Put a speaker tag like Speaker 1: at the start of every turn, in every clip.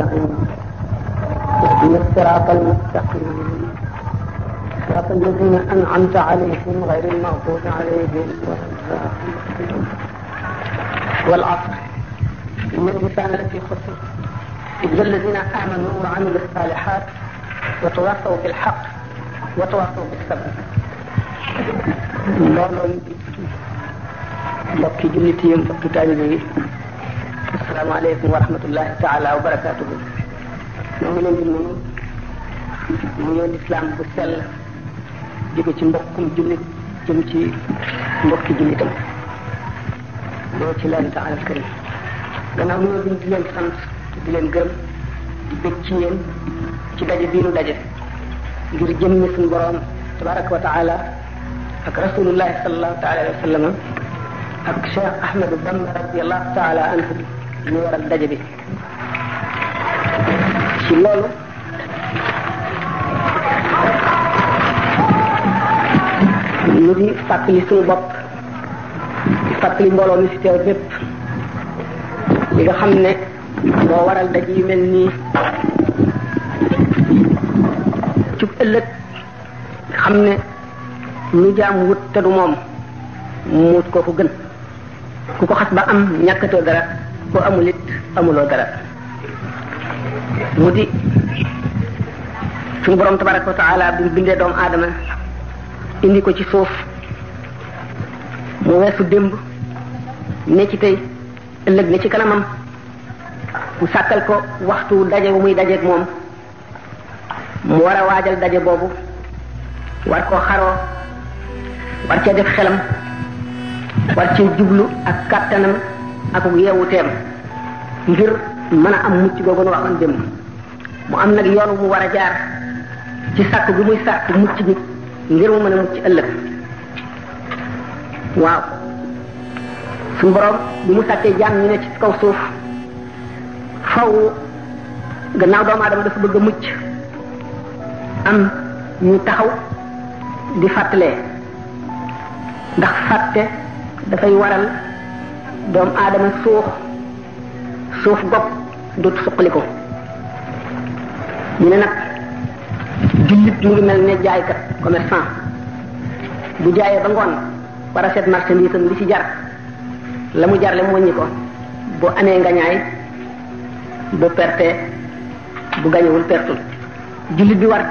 Speaker 1: المستقيم اهدنا الصراط المستقيم صراط الذين أنعمت عليهم غير المغضوب عليهم ولا والعصر إن الإنسان لفي خسر إلا الذين آمنوا وعملوا الصالحات وتواصوا بالحق وتواصوا بالصبر loolu mbokki jullit yi mbokki taalibe yi asalaamaaleykum wa rahmatullahi taala wa barakaatuhu ñoo ngi leen di nuyu nuyoo lislaam bu sell jóge ci mbokkum jullit jëm ci mbokki jullitam loolu ci laaj taala al karim gannaaw nuyoo bi di leen sant di leen gërëm di bég ci yéen ci daje bii nu daje ngir jëmmi suñu borom tabaraka wa taala ak rasulullahi sallallahu taala alayhi wa sallam ak Cheikh Ahmadou Bamba radiallahu taala anhu ñu waral daje bi ci loolu ñu suñu bopp di fàttali mbooloo mi fi teew bépp li nga xam ne moo waral daj yu mel nii ci ëllëg xam ne ñu jaam wut te du moom mu wut kooku gën ku ko xas ba am ñàkkatoo dara ku amul it amuloo dara mu di suñu borom tabaraka wa taala bi mu bindee doomu aadama indi ko ci suuf mu weesu démb ne ci tey ëllëg ne ci kanamam mu sàkkal ko waxtu daje bu muy dajeeg moom mu war a waajal daje boobu war koo xaroo war cee def xelam war cee jublu ak kàttanam ak yeewu teem ngir mën a am mucc googu nu waxoon dem mu am nag yoon mu war a jaar ci sàkk bi muy sàkk mucc bi ngir mu mën a mucc ëllëg waaw suñu borom bi mu sàkkee jaam ñu ne ci kaw suuf faw gannaaw doomu aadama dafa bëgg a mucc am ñu taxaw di fàttale ndax fàtte dafay waral doomu aadama suux suuf bopp dut suqaliku ñu ne nag jullit mu ngi mel ne jaaykat commerçant bu jaayee ba ngoon war a seet marchandise li ci jar la mu jarle mu wëññi ko bu amee ngañaay bu perte bu gañewul pertul jullit bi war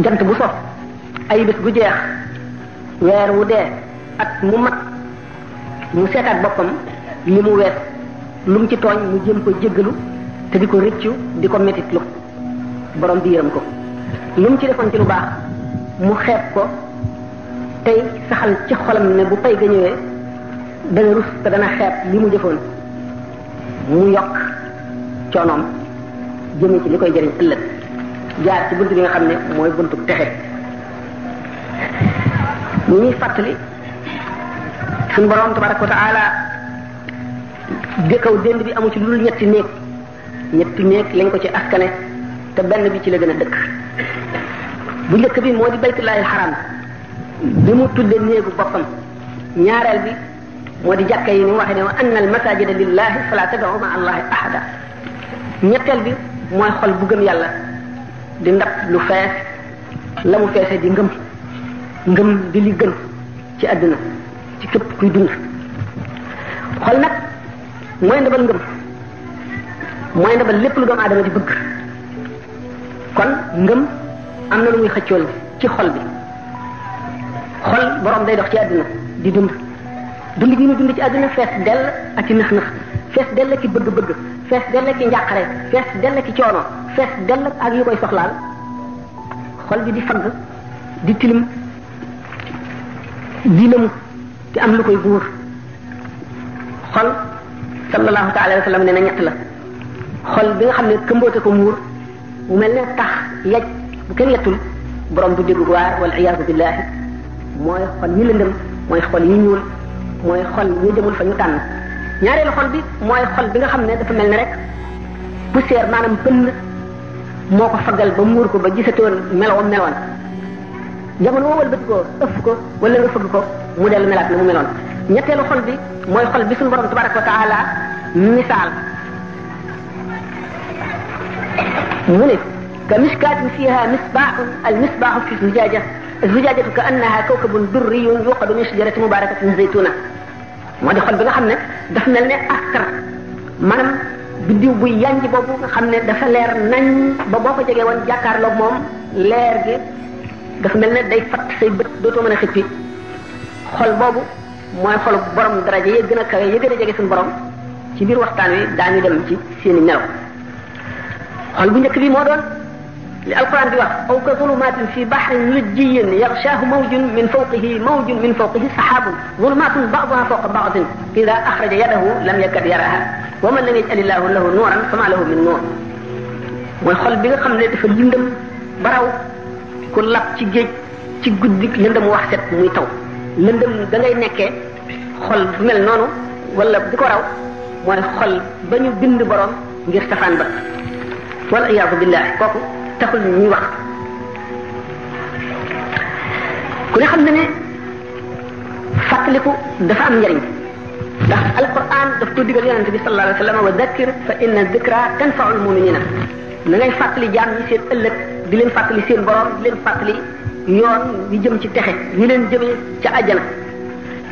Speaker 1: jant bu so ay bés bu jeex weer wu dee at mu mat mu seetaat boppam li mu wees lu mu ci tooñ mu jéem ko jéggalu te di ko rëccu di ko metitlu borom bi yërëm ko lu mu ci defoon ci lu baax mu xeet ko tey saxal ci xolam ne bu pay ga ñëwee dana rus te dana xeeb li mu jëfoon mu yokk coonoom jëmee ci li koy jëriñ ëllëg jaar ci bunt bi nga xam ne mooy buntu texe ñuy fàttali suñu borom tabaraka wa taala kaw démb bi amu ci lu dul ñetti néeg ñetti néeg lañ ko ci askane te benn bi ci la gën a dëkk bu njëkk bi moo di baytullaahil xaram bi mu tudde néegu boppam ñaareel bi moo di jàkka yi ni mu waxee ne wa anna al masajida bi mooy bu gëm yàlla di ndab lu fees la mu feese di ngëm ngëm di li gën ci àdduna ci képp kuy dund xol nag mooy ndabal ngëm mooy ndabal lépp lu doomu aadama di bëgg kon ngëm am na lu muy xëccool ci xol bi xol boroom day dox ci àdduna di dund dund gi mu dund ci àdduna fees dell ak ci nax nax fees dell ak ci bëgg dell ak ci njàqare fees dell ak ci coono fees dell yu koy soxlaal xol bi di fagg di tilim di lëmu ci am lu koy buur xol sallallahu taala wa sallam ne na la xol bi nga xam ne këmboote ko muur mu mel ne tax yaj bu kenn yettul borom bu déggu waar wal iyaazu billahi mooy xol yi lëndëm mooy xol yi ñuul mooy xol ñu jëmul fa ñu tànn ñaareelu xol bi mooy xol bi nga xam ne dafa mel ne rek poussière maanaam pënd moo ko faggal ba muur ko ba gisatoon meloon meloon jamono moo wëlbati ko ëff ko wala nga fëgg ko mu dellu melaat na mu meloon ñetteelu xol bi mooy xol bi suñu borom tabaraka wa taala misaal mu ne ka miskaatin fiha misbaaxun al misbaaxu fi zujaaja zujaajatu ka annaha kawkabun durriyun yuqadu min shajarati mubarakatin zaytuna moo di xol bi nga xam ne daf mel ne askar maanaam biddiw buy yanj ne dafa leer nañ ba boo ko jegee woon jàkkaarloog moom leer dafa mel ne day fatt say bët dootoo mën a xippi xol boobu mooy xolu borom daraja yi gën a kawe yi gën a jege suñu borom ci biir waxtaan wi daañu dem ci seeni nelaw xol bu njëkk bi moo doon li alquran di wax aw ka zulumatin fi bahrin lujjiyin yaxshaahu mawjun min fawqihi mawjun min fawqihi saxaabun zulumaatun ba'duha fawqa ba'din ida axraja yadahu lam yakad yaraha wa man lam yaj'alillahu lahu nuuran fama lahu min nuur mooy xol bi nga xam ne dafa lindam baraw ku lab ci géej ci guddi lëndëm wax set muy taw lëndëm da ngay nekkee xol bu mel noonu wala bu ko raw mooy xol ba ñu bind borom ngir safaan ba wala iyaatu billahi kooku taxul ñuy wax ku ne xam ne ni ne fàttaliku dafa am njariñ ndax alquran daf ko digal yonente bi sallallahu alayhi wa sallam wa dhakkir fa inna dhikra tanfa'ul mu'minina la fàttali jaam ñi seen ëllëg di leen fàttali seen borom di leen fàttali yoon ñu jëm ci texe ñu leen jëm ci ajana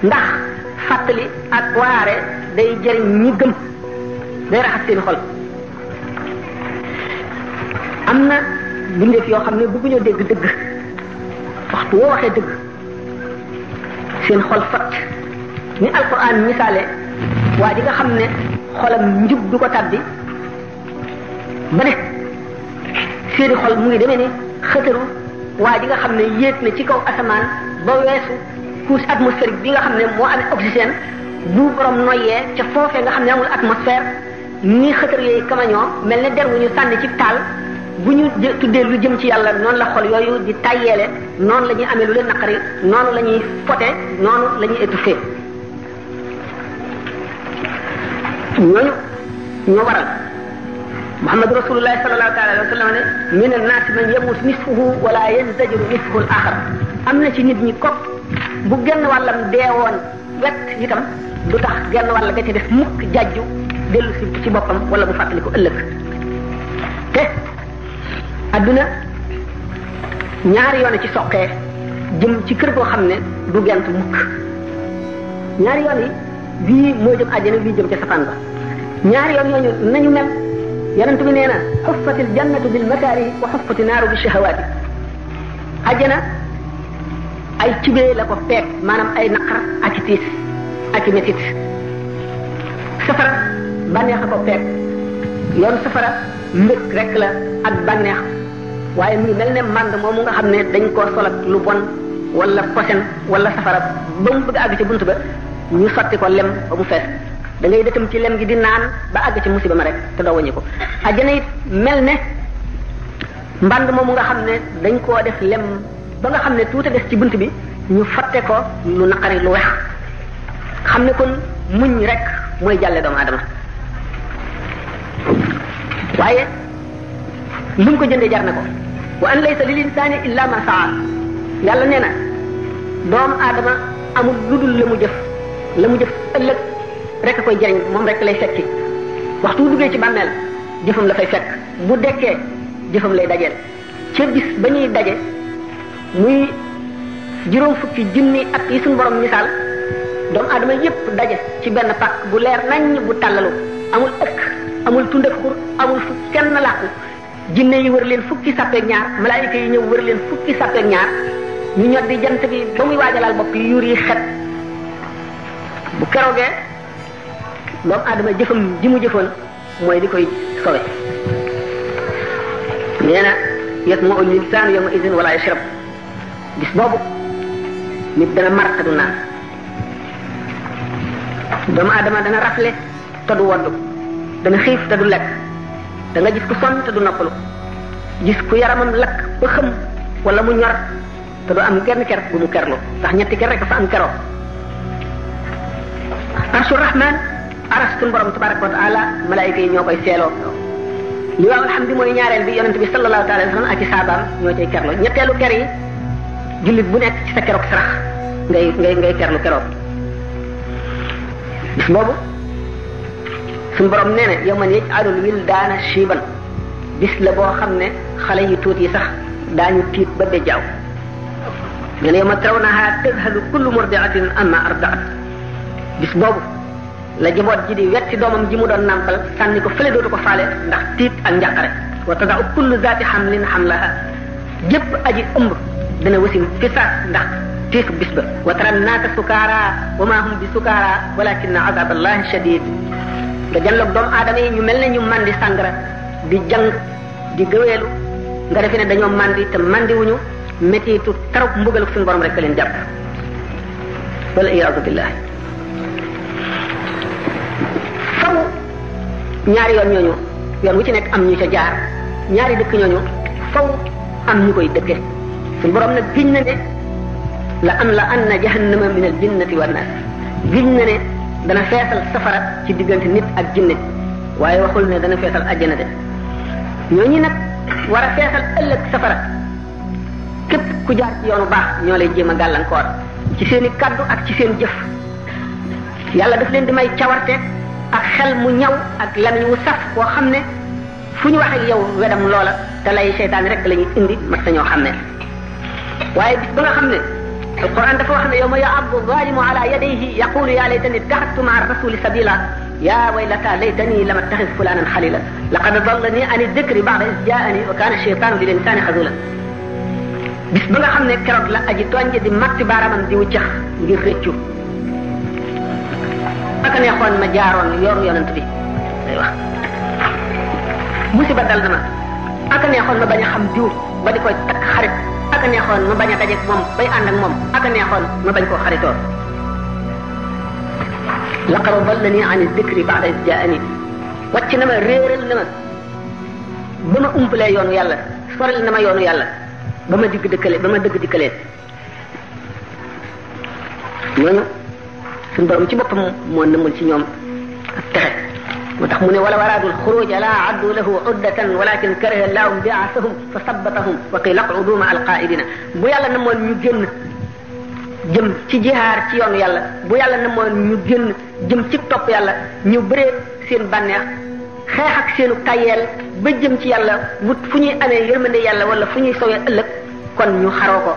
Speaker 1: ndax fàttali ak waare day jëriñ ñi gëm day raxas seen xol am na bindeef yoo xam ne bëgguñoo dégg dëgg waxtu woo waxee dëgg seen xol fat ni alquran misaale waa ji nga xam ne xolam njub du ko tàbbi ba ne seeni xol mu ngi demee ne xëtëru waa ji nga xam ne yéeg na ci kaw asamaan ba weesu couche atmosphérique bi nga xam ne moo amee oxygène bu borom noyyee ca foofee nga xam ne amul atmosphère ñii xëtër yooyu mel ne der wu ci taal bu ñu tuddee lu jëm ci yàlla noonu la xol yooyu di tàyyeele noonu la ñuy amee lu leen naqari noonu la ñuy fote noonu la ñuy étouffé ñoo waral Muhammad rasulullahi sallallahu taala alayhi wa sallam ne min annaasi man yamut nisfuhu wala yazdajiru nisfuhu am na ci nit ñi kopp bu genn wàllam deewoon wet itam du tax genn wàll ga ci def mukk jajju dellu si ci boppam wala mu fàttali ko ëllëg te adduna ñaari yoon ci soqee jëm ci kër goo xam ne du gent mukk ñaari yoon yi bii moo jëm àjjana bii jëm ca safaan ba ñaari yoon yooñu nañu mel yonent bi nee na xuffati aljannatu bilmakaarihi wa xuffati naaru bi shahawaati ajjana ay cibee la ko feet maanaam ay naqar ak i tiis ak i métit safara bànneex a ko feet yoon safara mbëg rek la ak bànneex waaye muy mel ne mànd nga xam ne dañ koo sol ak lu bon wala posen wala safara ba mu bëgg àgg bunt ba ñu sotti ko lem ba fees da ngay dëkkam ci lem gi di naan ba àgg ci musiba ma rek te doo wàññi ko àjjana it mel ne mbànd moomu nga xam ne dañ koo def lem ba nga xam ne tuuti des ci bunt bi ñu fatte ko lu naqari lu wex xam ne kon muñ rek mooy jàlle doomu aadama waaye muñ ko jëndee jar na ko wa an laysa lil insaani illa ma saa yàlla nee na doomu aadama amul lu dul la mu jëf la mu jëf ëllëg rek a koy jariñ moom rek lay fekki waxtu wu duggee ci bàmmeel jëfam la fay fekk bu dekkee jëfam lay dajeel ci bis ba ñuy daje muy juróom fukki junni at yi suñu borom misaal doomu aadama yépp daje ci benn pàkk bu leer naññ bu tàllalu amul ëkk amul tund ak xur amul fu kenn làqu jinne yi wër leen fukki sàppeek ñaar malaayika yi ñëw wër leen fukki sàppeek ñaar ñu ñoddi jant bi ba muy waajalaal bopp yuur yi xet bu keroogee doomu aadama jëfam ji mu jëfoon mooy di koy sowe nee na yet moo uñ lisaanu yow ma isin wala yashrab bis nit dana mar te du naan doomu aadama dana rafle te du woddu dana xiif te du lekk da jif gis ku sonn te du noppalu gis ku yaramam lakk ba xëm wala mu ñor te du am genn ker bu mu kerlu ndax ñetti ker rek fa am keroo arsu rahman aras suñu borom tabaraka wa taala malaayika yi ñoo koy seeloo li waaw alhamdi mooy ñaareel bi yonent bi sallallahu alayhi wa sallam ak ci saabaam ñoo cay kerlo ñetteelu ker yi jullit bu nekk ci sa keroog sarax ngay ngay ngay kerlu keroog bis boobu suñu borom nee na yow man yëj alul wil daana shiban bis la boo xam ne xale yu tuut yi sax daañu tiit ba bejjaaw nee na yow ma taw naha tadhalu kullu murdiatin amma ardaat bis boobu la jaboot ji di wetti doomam ji mu doon nàmpal sànni ko fële dootu ko faale ndax tiit ak njàqare wa tadau kullu zaati xamlin xamlaha jépp aji ëmb dana wasin fi saas ndax tiis bis ba wa tara naasa sukaara wa maa hum bi sukaara walakinna azab allahi shadid nga janloog doomu aadama yi ñu mel ne ñu mandi sàngara di jàng di gëweelu nga defe ne dañoo mandi te mandi wuñu métiitu tarub mbugalu suñu borom rek leen jàpp wala iyaadu billah ñaari yoon ñooñu yoon wu ci nekk am ñu ca jaar ñaari dëkk ñooñu faw am ñu koy dëkke suñ boroom nag giñ na ne la am la an na jahannama min al jinnati wan nas giñ na ne dana feesal safara ci diggante nit ak jinne waaye waxul ne dana feesal àjjana de ñooñu nag war a feesal ëllëg safara képp ku jaar ci yoonu baax ñoo lay jéem a gàllankoor ci seeni i kaddu ak ci seen jëf yàlla daf leen di may cawarte ak xel mu ñaw ak lamiñ wu saf koo xam ne fu ñu wax ak yow wedam loola talay lay rek lañuy indi mat sañoo xam ne waaye a ba nga xam ne alquran dafa wax ne yow ma yaabdu zalimu ala yadayhi yaqulu yaa laytani ittaxadtu maa rasuli sabila yaa waylata laytani lam attaxis fulanan xalila laqad dallani ani dikri bada is a wa kaana cheytaanu lil insaani xazula bis ba nga xam ne keroog la aji tooñ ji di matti baaraamam di wuccax ngir aka neexoon ma jaaroon yoonu yonent bi lay wax musiba dal na ma aka neexoon ma bañ a xam diw ba di koy takk xarit aka neexoon ma bañ a dajeek moom bay ànd ak moom aka neexoon ma bañ koo xaritoo laqad adallani an dikri ba'da iz jaa'ani ba ma umpalee yoonu yàlla sorel na ma yoon yàlla ba ma digg dëkkale ba dëgg dikkalee ñooñu suñu borom ci boppam moo nëmmul ci ñoom ak texe moo tax mu ne wala waraadul xuruj la addu lahu uddatan walakin karaha llahu bi'asahum fa sabbatahum wa qila qudu ma alqaidina bu yàlla namoon ñu génn jëm ci jihaar ci yoonu yàlla bu yàlla namoon ñu génn jëm ci topp yàlla ñu bëree seen bànneex xeex ak seenu tayeel ba jëm ci yàlla wut fu ñuy amee yërmande yàlla wala fu ñuy sowee ëllëg kon ñu xaroo ko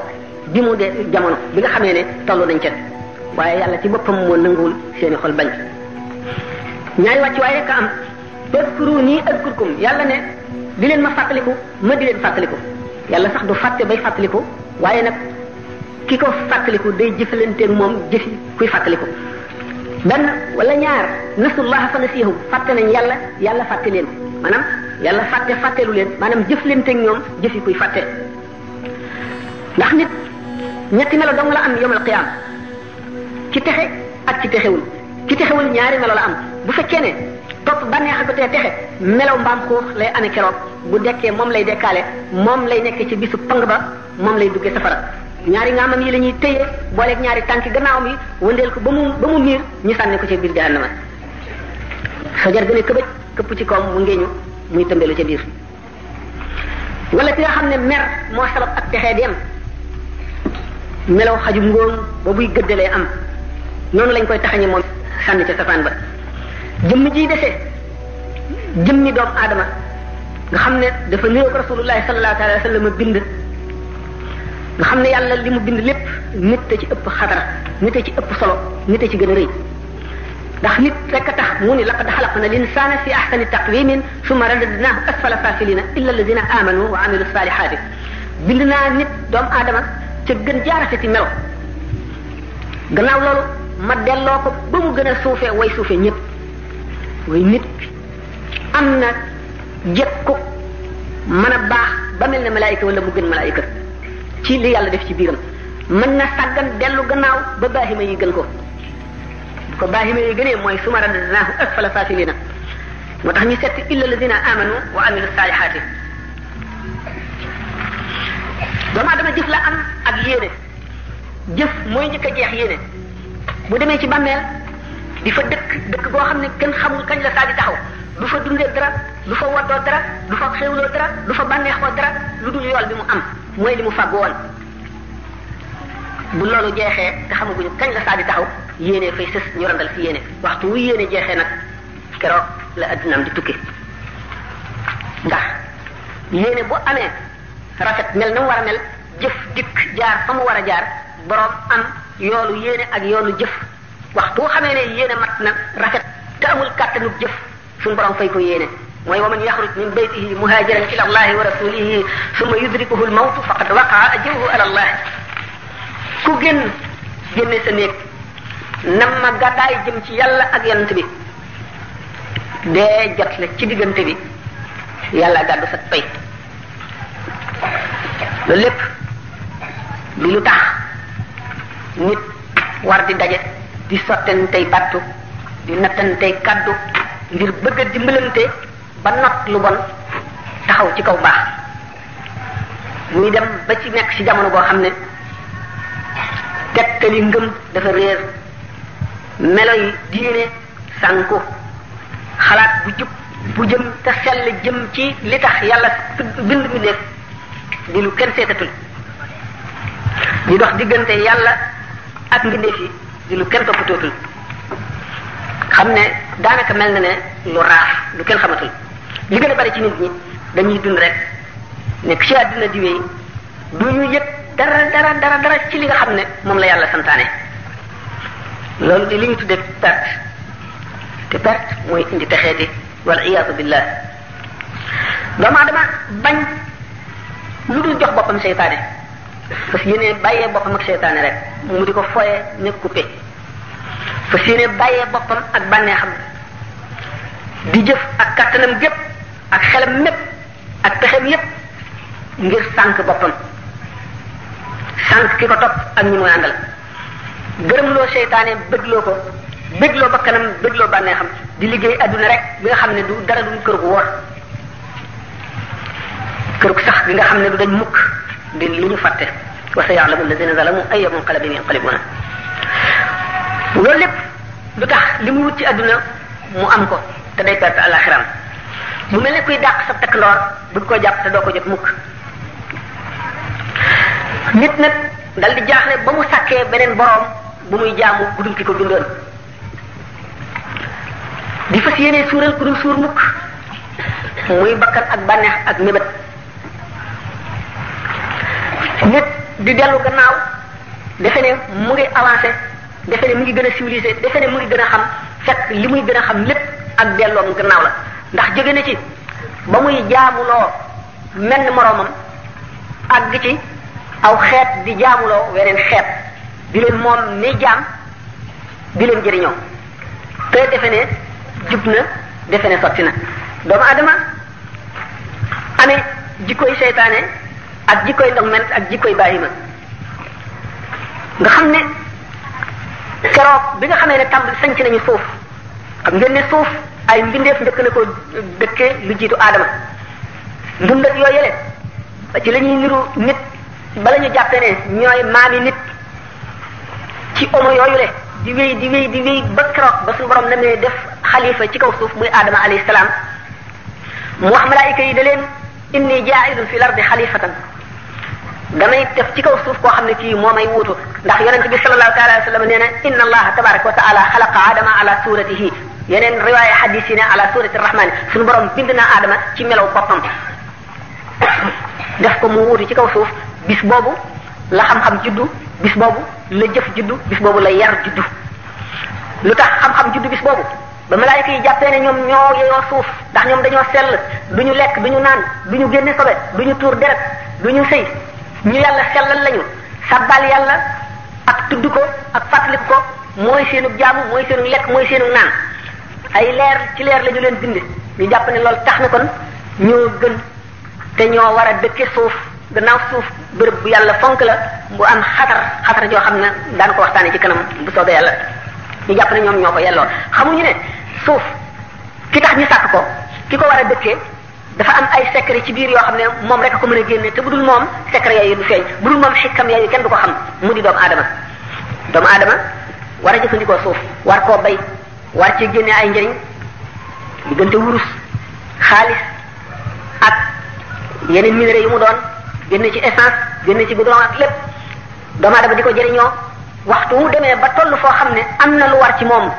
Speaker 1: bi mu dee jamono bi nga xamee ne tollu nañ ca waaye yàlla ci boppam moo nanguwul seeni xol bañ ñaari wàcc waaye rek a am tadkuru nii adkurkum yàlla ne di leen ma fàttaliku ma di leen fàttaliku yàlla sax du fàtte bay fàttaliku waaye nag ki ko fàttaliku day jëfalanteeg moom jëfi kuy fàttaliku benn wala ñaar nasullaha fa nasiyahum fàtte nañ yàlla yàlla fàtte leen maanaam yàlla fàtte fàtteelu leen maanaam jëflanteeg ñoom jëfi kuy fàtte ndax nit ñetti melo dong la am yawmal qiyaama ci texe ak ci texewul ci texewul ñaari melo la am bu fekkee ne topp bànneex ak te texe melaw mbaam xuux lay ame keroog bu dekkee moom lay dekkaale moom lay nekk ci bisu pang ba moom lay duggee safara ñaari ngaamam yi la ñuy téye booleeg ñaari tànki gannaawam yi wëndeel ko ba mu ba mu miir ñu sànni ko ci biir jahannama fajar gën a këbëj këpp ci koom mu ngeeñu muy tëmbelu ca biir wala ki nga xam ne mer moo sabab ak texee di am melaw xajum ngóom ba buy gëddalee am noonu lañ koy taxañe moom sànni ca safaan ba jëmm ji desee jëmmi doomu aadama nga xam ne dafa niroog rasulullahi sallallahu alayhi wa sallam bind nga xam ne yàlla li mu bind lépp nit a ci ëpp xadara nit ci ëpp solo nit ci gën a ndax nit rek a tax mu ni laqad xalaqna linsaana fi ahsani taqwimin summa radadnaahu asfala safilina illa alladina amanu wa amilu salihaati bind naa nit doomu aadama gën jaarafeti melo gannaaw loolu ma delloo ko ba mu gën a suufee way suufe ñëpp way nit am na ko mën a baax ba mel ne malaayika wala mu gën malaayika ci li yàlla def ci biiram mën na sàggan dellu gannaaw ba baahima yi gën ko bu ko baahima yi gënee mooy suma radadnaahu asfala saafilina moo tax ñu setti illa lazina amanu wa amilu saalihaati doomu aadama jëf la am ak yéene jëf mooy njëkk a jeex yéene bu demee ci bàmmeel di fa dëkk dëkk goo xam ne kenn xamul kañ la saa di taxaw du fa dundee dara du fa waddoo dara du fa xéwloo dara du fa bànneexoo dara lu dul yool bi mu am mooy li mu fàgg woon bu loolu jeexee te xamaguñu kañ la saa di taxaw yéene fay sës ñu randal fi yéene waxtu wu yéene jeexee nag keroog la addinaam di tukki ndax yéene bu amee rafet mel na mu war a mel jëf dikk jaar fa mu war a jaar boroom am yoolu yéene ak yoolu jëf waxtu xamee ne yéene mat na rafet te amul kàttanug jëf suñu borom fay ko yéene mooy wa man yaxruj min baytihi muhajiran ila allahi wa rasulihi summa yudrikuhu al mawtu faqad waqaa ajruhu ala allah ku génn génne sa néeg nam ma gàddaay jëm ci yàlla ak yonent bi dee jot la ci diggante bi yàlla gàddu sa pay loolu lépp bi lu tax nit war di daje di sottantey battu di nattantey kaddu ngir bëgg a dimbalante ba not lu bon taxaw ci kaw baax muy dem ba ci nekk ci jamono boo xam ne tegtali ngëm dafa réer melo yi diine sànku xalaat bu jub bu jëm te sell jëm ci li tax yàlla bind mi nekk di lu kenn seetatul di dox diggante yàlla ak mbindeef yi di lu kenn toppatootul xam ne daanaka mel na ne lu raaf lu kenn xamatul li gën a bari ci nit ñi dañuy dund rek nekk ci àddina di wéy du ñu yëg dara dara dara dara ci li nga xam ne moom la yàlla santaane loolu di li ñu tuddee perte te perte mooy indi texee di iyaatu billah doomu aadama bañ lu dul jox boppam seytaane fas yéene bàyyee boppam ak seytaane rek mu di ko foye ne coupé fas yéene bàyyee boppam ak bànneexam di jëf ak kattanam gépp ak xelam mépp ak pexem yépp ngir sànq boppam sànq ki ko topp ak ñi mu àndal gërëmloo seytaane bëggloo ko bëggloo bakkanam bëggloo bànneexam di liggéey àdduna rek bi nga xam ne du dara du kër gu woor kër gu sax bi nga xam ne du dañ mukk di lu ñu fàtte wa sa ya'lamu alladina zalamu ayya munqalabin yanqalibuna loolu lépp lu tax li mu wut ci àdduna mu am ko te day perte àllaxiram mu mel ne kuy dàq sa takk ndoor bëgg koo jàpp te doo ko jot mukk nit nag dal di jaaxle ba mu sàkkee beneen boroom bu muy jaamu ku ki ko dundoon di fas yéenee suural ku dul suur mukk muy bakkan ak bànneex ak mébét nit di dellu gannaaw defe ne mu ngi avancé defe ne mu ngi gën a civilisé defe ne mu ngi gën a xam fekk li muy gën a xam lépp ak delloom gannaaw la ndax jóge na ci ba muy jaamuloo menn moroomam àgg ci aw xeet di jaamuloo weneen xeet di leen moom ni jaam di leen jëriñoo te defe ne jub na defe ne sotti na doomu adama amee jikkoy seytaane ak jikkoy ndom ment ak jikkoy bàyyi ma nga xam ne keroog bi nga xamee ne tàmbali sanc nañu suuf xam ngeen ne suuf ay mbindeef njëkk na ko dëkkee lu jiitu aadama mbundat yooyu yële ci lañuy ñuy nit ba ñu jàppe ne ñooy maami nit ci omo yooyu le di wéy di wéy di wéy ba keroog ba suñu borom namee def xalifa ci kaw suuf muy aadama alayhi salaam mu wax malaayika yi da leen inni jaa'ilun fi l ardi xalifatan damay def ci kaw suuf koo xam ne kii moo may wuutu ndax yonent bi sallallahu taala alayhi wa sallam nee na inna allaha tabaraka wa taala xalaqa adama ala suratihi yeneen riwaaya hadis yi ne ala surati rahmani suñu borom bind na adama ci melaw boppam def ko mu wuutu ci kaw suuf bis boobu la xam-xam juddu bis boobu la jëf juddu bis boobu la yar juddu lu tax xam-xam juddu bis boobu ba malaayika yi jàppee ñoom ñoo suuf ndax ñoom dañoo sell du ñu lekk du ñu naan du ñu génne sobe du ñu tuur deret du ñu sëy ñu yàlla sellal lañu sabbal yàlla ak tudd ko ak fàttaliku ko mooy seenu jaamu mooy seenu lekk mooy seenu naan ay leer ci leer la ñu leen bind ñu jàpp ne lool tax na kon ñoo gën te ñoo war a dëkke suuf gannaaw suuf bërëb bu yàlla fonk la bu am xatar xatar ñoo xam ne daan ko waxtaanee ci kanam bu soobee yàlla ñu jàpp ne ñoom ñoo ko yelloo xamuñu ne suuf ki tax ñu sàkk ko ki ko war a dëkkee dafa am ay secret ci biir yoo xam ne moom rek ko mën a génne te bu dul moom secret yooyu du feeñ bu dul moom xikam yooyu kenn du ko xam mu di doomu aadama doomu aadama war a jëfandikoo suuf war koo bay war ci génne ay njëriñ diggante wurus xaalis ak yeneen minerais yu mu doon génne ci essence génne ci goudron ak lépp doomu aadama di ko jëriñoo waxtu wu demee ba toll foo xam ne am na lu war ci moom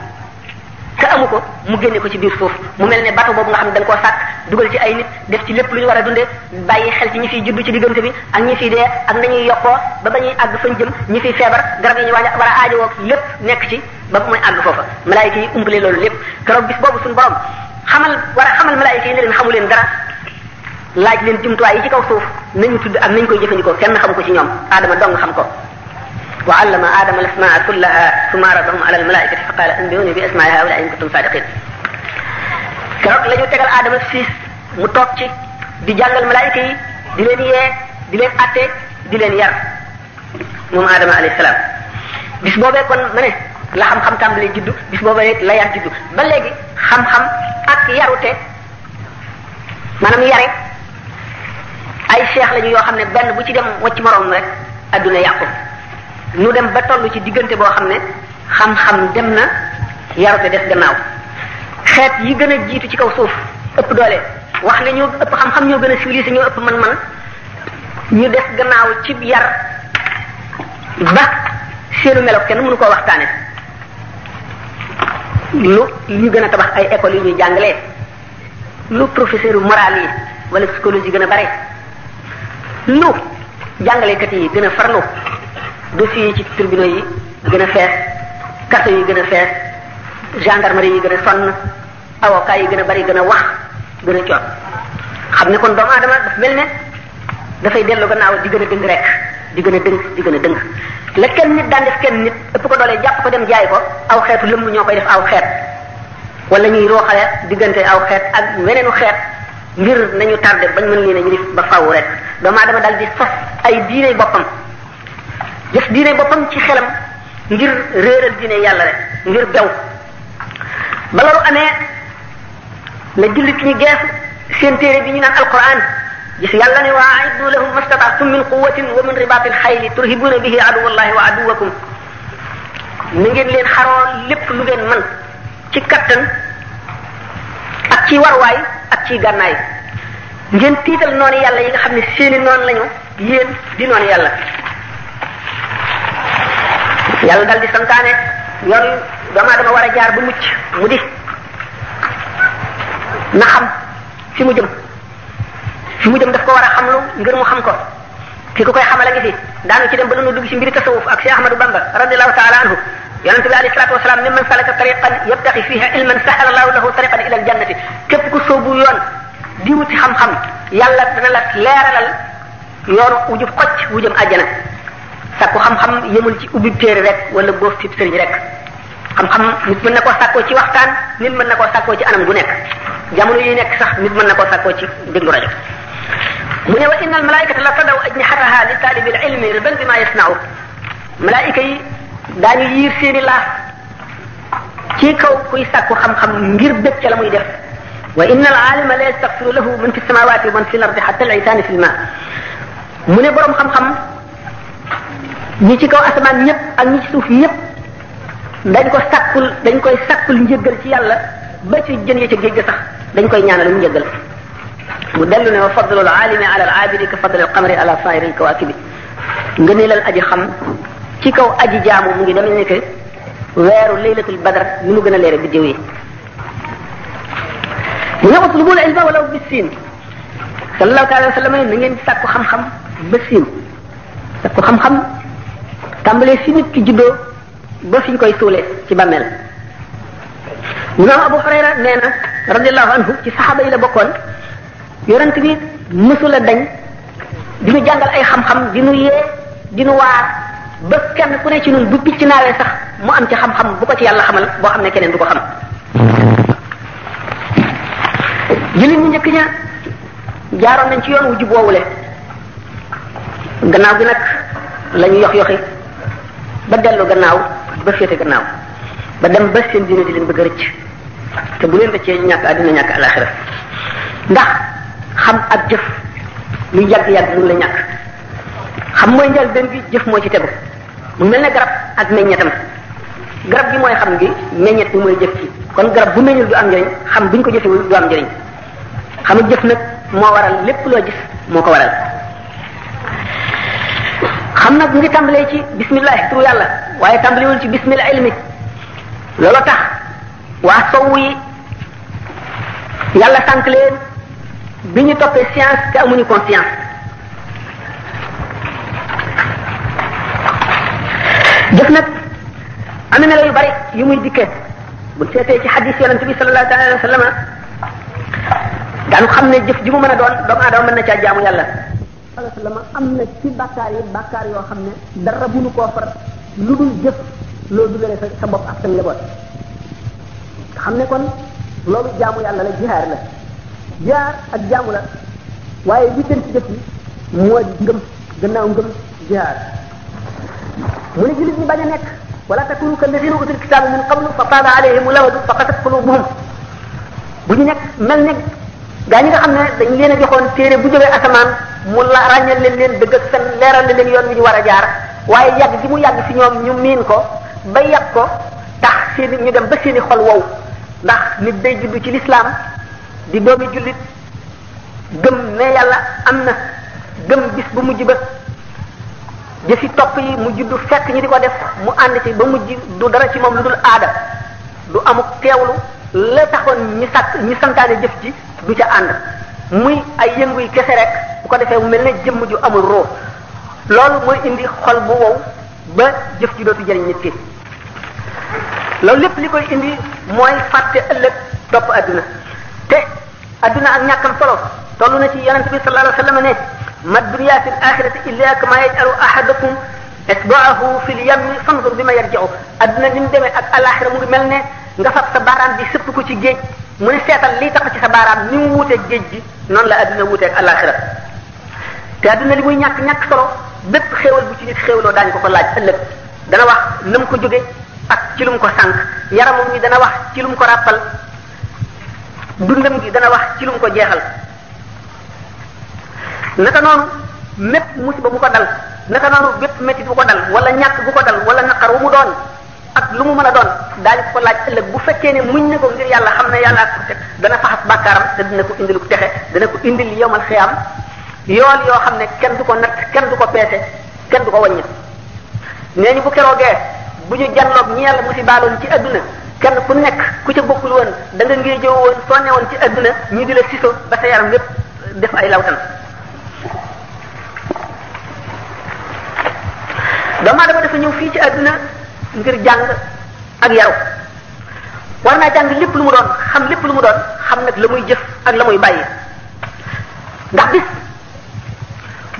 Speaker 1: te amu ko mu génne ko ci biir suuf mu mel ne bato boobu nga xam ne dañ koo sàkk dugal ci ay nit def ci lépp lu ñu war a dundee bàyyi xel ci ñi fiy juddu ci diggante bi ak ñi fiy dee ak nañuy yokkoo ba ba ñuy àgg fañ jëm ñi fiy feebar garab yi ñu war a aajowoo lépp nekk ci ba muy àgg foofa malaayika yi umpale loolu lépp keroog bis boobu suñu borom xamal war a xamal malaayika yi ne leen xamu leen dara laaj leen jumtuwaay yi ci kaw suuf nañu tudd ak nañ koy jëfandikoo kenn xamu ko ci ñoom aadama dong xam ko wa allama aadama al asmaa kullaha summa radahum ala al malaikati fa qala anbiuni bi asmaai haula in kuntum sadiqin keroog la ñu tegal aadama siis mu toog ci di jàngal malaayika yi di leen yee di leen atte di leen yar moom aadama alayhi salaam bis boobee kon ma ne la xam-xam tàmbalee juddu bis boobee la yar juddu ba léegi xam-xam ak yarute maanaam yare ay cheikh lañu yoo xam ne benn bu ci dem wacc moroom rek adduna yàqu nu dem ba toll ci diggante boo xam ne xam-xam dem na yarute des gannaaw xeet yi gën a jiitu ci kaw suuf ëpp doole wax ne ñoo ëpp xam-xam ñoo gën a civilisé ñoo ëpp man-man ñu des gannaaw ci yar ba seenu melo kenn mënu koo waxtaane lu ñu gën a tabax ay école yu ñuy jàngalee lu professeur moral yi wala psychologie gën a bare lu jàngalekat yi gën a farlu dossiers yi ci tribunaux yi gën a fees kaso yi gën a fees gendarmerie yi gën a sonn awokaay yi gën a bari gën a wax gën a coot xam ne kon doomu aadama daf mel ne dafay dellu gannaaw di gën a dëng rek di gën a dëng di gën a dëng la kenn nit daan def kenn nit ëpp ko doolee jàpp ko dem jaay ko aw xeetu lëmm ñoo koy def aw xeet wala ñuy rooxale diggante aw xeet ak weneenu xeet ngir nañu tardé bañ mën leen a ñu def ba faaw rek doomu aadama daal di sos ay diiney boppam def diine boppam ci xelam ngir réeral diine yàlla rek ngir bew ba loolu amee la jullit ñi geesu seen téere bi ñu naan alquran gis yàlla ne wa aiddu lahum mastataatum min quwatin wa min ribatil xayli turhibuuna bihi aduwallahi wa aduwakum na ngeen leen xaroo lépp lu ngeen mën ci kattan ak ci warwaay ak ci gànnaay ngeen tiital noonu yàlla yi nga xam ne seeni noonu lañu yéen di noonu yàlla yàlla dal di santaane yoon doomu aadama war jaar bu mucc mu di na xam fi mu jëm fi mu jëm daf ko war a xamlu ngir mu xam ko ki ko koy xamal a ngi fi daanu ci dem ba nu dugg ci mbiri tasawuf ak Cheikh Ahmadou Bamba radiallahu taala anhu yonente bi alayhi salaatu wasalaam mimman salaka tariqan yabtaxi fiha ilman sahala allahu lahu tariqan ila aljannati képp ku soobu yoon di wuti xam-xam yàlla dana la leeralal yoonu wu jub xocc wu jëm àjjana sàkku xam-xam yëmul ci ubbi téere rek wala góof ci sëriñ rek xam-xam nit mën na koo sàkkoo ci waxtaan nit mën na koo sàkkoo ci anam gu nekk jamono yi nekk sax nit mën na koo sàkkoo ci rajo mu ne wax inna al malaikata la tadaw ajnihataha li taalibil ilmi ridan bi ma yasnau malaayika yi daañu yiir seeni ci kaw kuy sàkku xam-xam ngir bëgg ca la muy def wa inna al alima la yastaghfiru lahu man fi samawati wa man fi l ardi hatta al insani fi l ma ne borom ñi ci kaw asamaan ñëpp ak ñi ci suuf ñëpp dañ ko sàkkul dañ koy sàkkul njëggal ci yàlla ba ci jën ya ca géej ga sax dañ koy ñaanal njëggal mu dellu ne wa fadlul alimi ala al abidi ka fadlil qamari ala sairi al kawakibi nga ne lal aji xam ci kaw aji jaamu mu ngi demee ne que weeru laylatul badar ni mu gën a leere biddiw yi yatlubul ilma walaw bi siin sallallahu taala wa sallam ne na ngeen sàkku xam-xam ba siin sàkku xam-xam tàmbalee fi nit ki juddoo ba fi ñu koy suule ci bàmmeel imaam Abu Hurayra nee na radiallahu anhu ci saxaaba yi la bokkoon yonent bi mësula dañ di ñu jàngal ay xam-xam di yee di waar ba kenn ku ne ci ñun bu picc naawee sax mu am ci xam-xam bu ko ci yàlla xamal boo xam ne keneen du ko xam jullit ñu njëkk ña jaaroon nañ ci yoon wu jub woowule gannaaw gi nag la ñu yox yoxi ba delloo gannaaw ba féete gannaaw ba dem ba seen diine di leen bëgg a rëcc te bu leen rëccee ñàkk àddina ñàkk alaxira ndax xam ak jëf lu yàgg-yàgg lu la ñàkk xam mooy njëlbéen bi jëf moo ci tegu mu mel ne garab ak meññetam garab gi mooy xam gi meññet bi mooy jëf ci kon garab bu meññul du am njëriñ xam buñ ko jëfewul du am njëriñ xam ak jëf nag moo waral lépp loo gis moo ko waral xam nag mu ngi tàmbalee ci bismillah turu yàlla waaye tàmbaliwul ci bismil ilmi loolu tax waa sowu yi yàlla sànq leen bi ñu toppee science te amuñu conscience jëf nag am na yu bari yu muy dikkee bu seetee ci xadis yonente bi sallallahu alayhi wa sallam daanu xam ne jëf ji mu mën a doon doomu aadama mën na caa jaamu yàlla sallallahu alayhi wa sallam am na ci bàkkaar yi bàkkaar yoo xam ne dara bu nu koo far lu dul jëf loo dugalee sa sa bopp ak sa njaboot nga xam ne kon loolu jaamu yàlla la jihaar la jihaar ak jaamu la waaye li gën ci jëf yi moo ngëm gannaaw ngëm jihaar mu ne jullit ñi bañ a nekk wala takunu kalladina utul kitaabu min qablu fa taala alayhim lawadu fa qasat qulubuhum bu ñu nekk mel ne gaa ñi nga xam ne dañ leen a joxoon téere bu jógee asamaan mu la ràññal leen leen dëgg ak seen leeral leen yoon wi ñu war a jaar waaye yàgg gi mu yàgg ci ñoom ñu miin ko ba yàgg ko tax seeni ñu dem ba seeni xol wow ndax nit day juddu ci lislaam di doomi jullit gëm ne yàlla am na gëm bis bu mujj ba jëfi topp yi mu juddu fekk ñi di ko def mu ànd ci ba mujj du dara ci moom lu dul aada du amuk teewlu la taxoon ñu sàkk ñi santaane jëf ji du ca ànd muy ay yënguy kese rek ko defee mu mel ne jëmm ju amul roo loolu mooy indi xol bu wow ba jëf ji dootu jëriñ nit ki loolu lépp li koy indi mooy fàtte ëllëg topp adduna te adduna ak ñàkkam solo tollu na ci yonent bi sallallahu alayhi wa sallam ne ma dunya fil axirati illa kama yaj'alu ahadakum isba'ahu fil yammi fanzur bi ma yarji'u adduna ni mu demee ak alaxira mu ngi mel ne nga fab sa baaraam bi sëpp ko ci géej mu ne seetal liy tax ci sa baaraam ni mu wuuteeg géej gi noonu la adduna wuuteeg alaxira te àdduna li muy ñàkk ñàkk solo bépp xéewal bu ci nit xéewaloo daañu ko ko laaj ëllëg dana wax na mu ko jóge ak ci lu mu ko sànq yaramam mi dana wax ci lu mu ko ràppal dundam gi dana wax ci ko jeexal naka noonu mépp musiba mu ko dal naka noonu bépp métit bu ko dal wala ñàkk bu ko dal wala naqar wu mu doon ak lu mu mën a doon daañu ko laaj ëllëg bu fekkee ne muñ na ko ngir yàlla xam ne yàlla ak dana faxas bàkkaaram te dina ko indilu texe dana ko indil yowmal xiyaam yoon yoo xam ne kenn du ko natt kenn du ko peese kenn du ko wàññi nee ñu bu keroogee bu ñu janloog ñi yàlla musibaaloon ci adduna kenn ku nekk ku ca bokkul woon da nga ngir jëw woon soo newoon ci adduna ñu di la siso ba sa yaram lépp def ay lawtan doomu aadama dafa ñëw fii ci adduna ngir jàng ak yaru war naa jàng lépp lu mu doon xam lépp lu mu doon xam nag la muy jëf ak la muy bàyyi ndax bis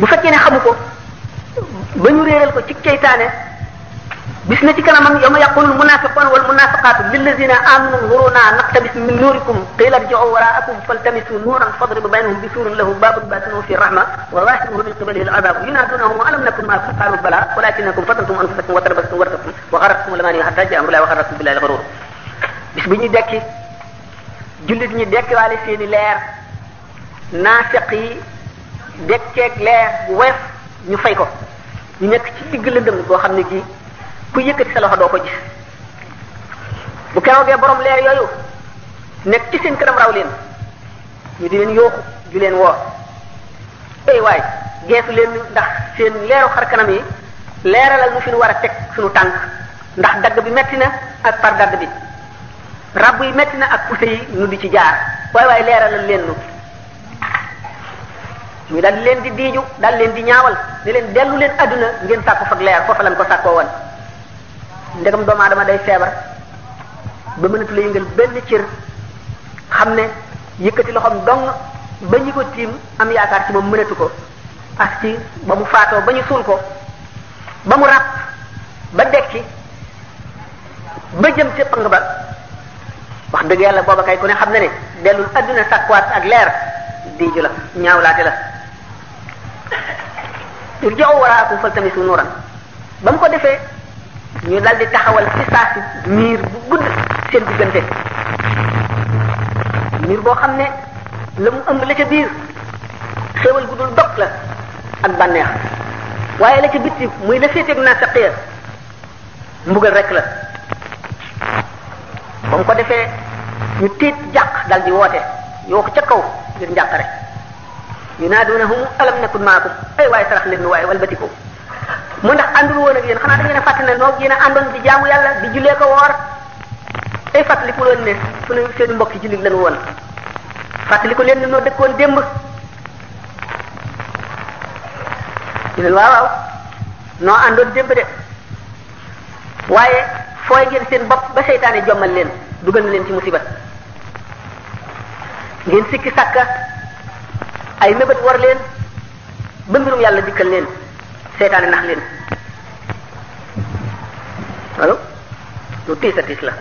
Speaker 1: bu fekkee ne xamu ko ba ñu réeral ko ci ceytaane bis na ci kanamam yawma yaqulul munafiqun wal munafiqatu lillazina amanu nuruna naqtabis min nurikum qila irji'u wara'akum faltamisu nuran fadribu baynahum bisurin lahu babun batinuhu fi rahma wa zahiruhu min qibalihi al'adab yunadunahum alam nakun ma'akum qalu bala walakinakum fatantum anfusakum wa tarabastum wa tarabastum wa gharratkum al-amaniyu hatta ja'a amru llahi wa gharrakum billahi al-ghurur bis bu ñuy dekki jullit ñi dekkiwaale seeni leer naafiq yi dekkeeg leer bu woyof ñu fay ko ñu nekk ci digg lëndëm boo xam ne gii ku yëkkati sa loxo doo ko gis bu keroogee borom leer yooyu nekk ci seen kanam raw leen ñu di leen yooxu ju leen woor ey waay geesu leen ndax seen leeru xar yi leeralal mu fi nu war a teg suñu tànk ndax dagg bi metti na ak par dagg bi rab yi metti na ak poussé yi nu di ci jaar waaye waaye leeralal leen ñu daal leen di diiju daal leen di ñaawal ne leen dellu leen adduna ngeen sàkku fag leer foofa lañ ko sàkkoo woon ndegam doomu aadama day feebar ba mënatu la yëngal benn cër xam ne yëkkati loxoom dong ba ñi ko tiim am yaakaar ci moom mënatu ko ak ci ba mu faatoo ba ñu suul ko ba mu ràpp ba dekki ba jëm ci pang ba wax dëgg yàlla booba kay ku ne xam na ne dellul adduna sàkkuwaat ak leer diiju la ñaawlaate la irji'u waraakum faltamisu nuuran ba mu ko defee ñu daldi di taxawal ci saa si miir bu gudd seen diggante miir boo xam ne la mu ëmb la ca biir xéewal bu dul dog la ak bànneex waaye la ca bitti muy la féeteeg naa sa xëya mbugal rek la ba mu ko defee ñu tiit jàq dal di woote yoo ca kaw ngir njàqare yunaaduunahum alam nakun maakum ay waay sarax leen nu waay walbatiku mu ndax àndul woon ak yéen xanaa da ngeen a fàttali ne noo yéen a àndoon di jaamu yàlla di jullee ko woor ay fàttaliku loon ne suñu seen mbokki jullit lañu woon fàttaliku leen noo dëkkoon démb ñu ne waaw waaw noo àndoon démb de waaye fooy ngeen seen bopp ba seytaane jommal leen dugal na leen ci musiba ngeen sikki sàkka ay mébét war leen ba mbirum yàlla dikkal leen seetaane nax leen allo lu tiis a tiis la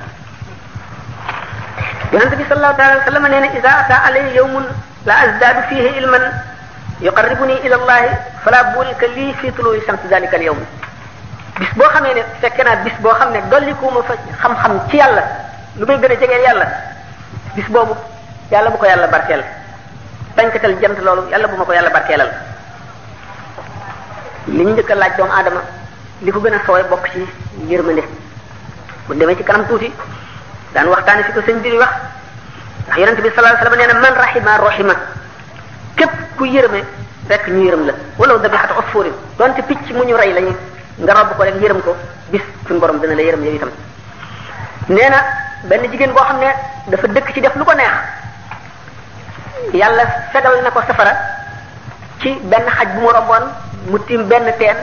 Speaker 1: yonente bi sallallahu taala wa sallama nee na isa ata alay yowmun la azdaadu fihi ilman yuqarribuni ila allahi fala burika lii fi tuluwi shams dalika al yowm bis boo xamee ne fekke naa bis boo xam ne dollikuma fa xam-xam ci yàlla lu may gën a jegeel yàlla bis boobu yàlla bu ko yàlla barkeel fenkatal jant loolu yàlla bu ma ko yàlla barkeelal li ñu njëkk a laaj doomu aadama li ko gën a sooy bokk ci yërmande bu demee ci kanam tuuti daan waxtaane fi ko sëñ bi wax ndax yonente bi sallallahu alayhi wasallam nee na man rahima rahima képp ku yërëme rek ñu yërëm la wala dabixat usfurin donte picc mu ñu rey lañu nga robb ko rek yërëm ko bis suñu borom dina la yërëm yow itam nee na benn jigéen boo xam ne dafa dëkk ci def lu ko neex yàlla fegal na ko safara ci benn xaj bu mu romboon mu tiim benn teen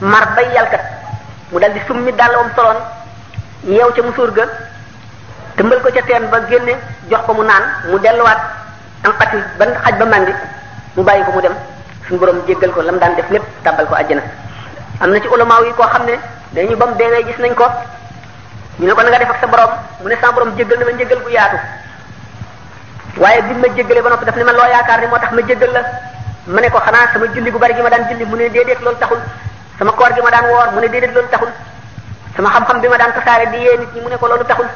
Speaker 1: mar bay yàlkat mu dal di summi dàllawam soloon yeew ca musóor ga tëmbal ko ca teen ba génne jox ko mu naan mu delluwaat tànqati ban xaj ba màndi mu bàyyi ko mu dem suñu borom jéggal ko la mu daan def lépp tàbbal ko àjjana am na ci ulama yi koo xam ne dañu ba mu dee gis nañ ko ñu ne ko na nga def sa borom mu ne sa borom jéggal na la njéggal gu yaatu waaye bi ma jéggalee ba noppi daf ne ma loo yaakaar ne moo tax ma jéggal la ma ne ko xanaa sama julli gu bari gi ma daan julli mu ne déedéet loolu taxul sama koor gi ma daan woor mu ne déedéet loolu taxul sama xam-xam bi ma daan tasaare di yee nit ñi mu ne ko loolu taxul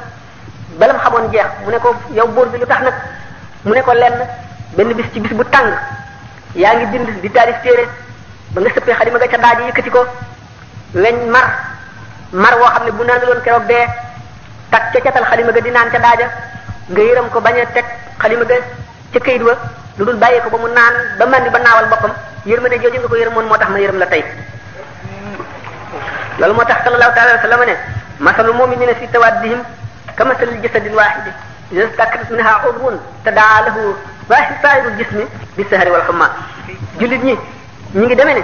Speaker 1: balam xamoon jeex mu ne ko yow buur bi lu tax nag mu ne ko lenn benn bis ci bis bu tàng yaa ngi bind di taalif téere ba nga sëppee xalima nga ca daaji yëkkati ko weñ mar mar woo xam ne bu naanaloon keroog dee takk ca catal xalima nga di naan ca daaja nga ko bañ a teg xalima ga ca kayit wa lu dul bàyyi ko ba mu naan ba màndi ba naawal boppam yërmande jooju nga ko yërmoon moo tax ma yërëm la tey loolu moo tax sallallahu taala wa sallam ne masalul muminina fi tawaddihim kamasalil jasadil waahidi idaa istakrat minhaa udwun tadaa lahu saa'irul jismi bi sahari wal humma jullit ñi ñu ngi demee ne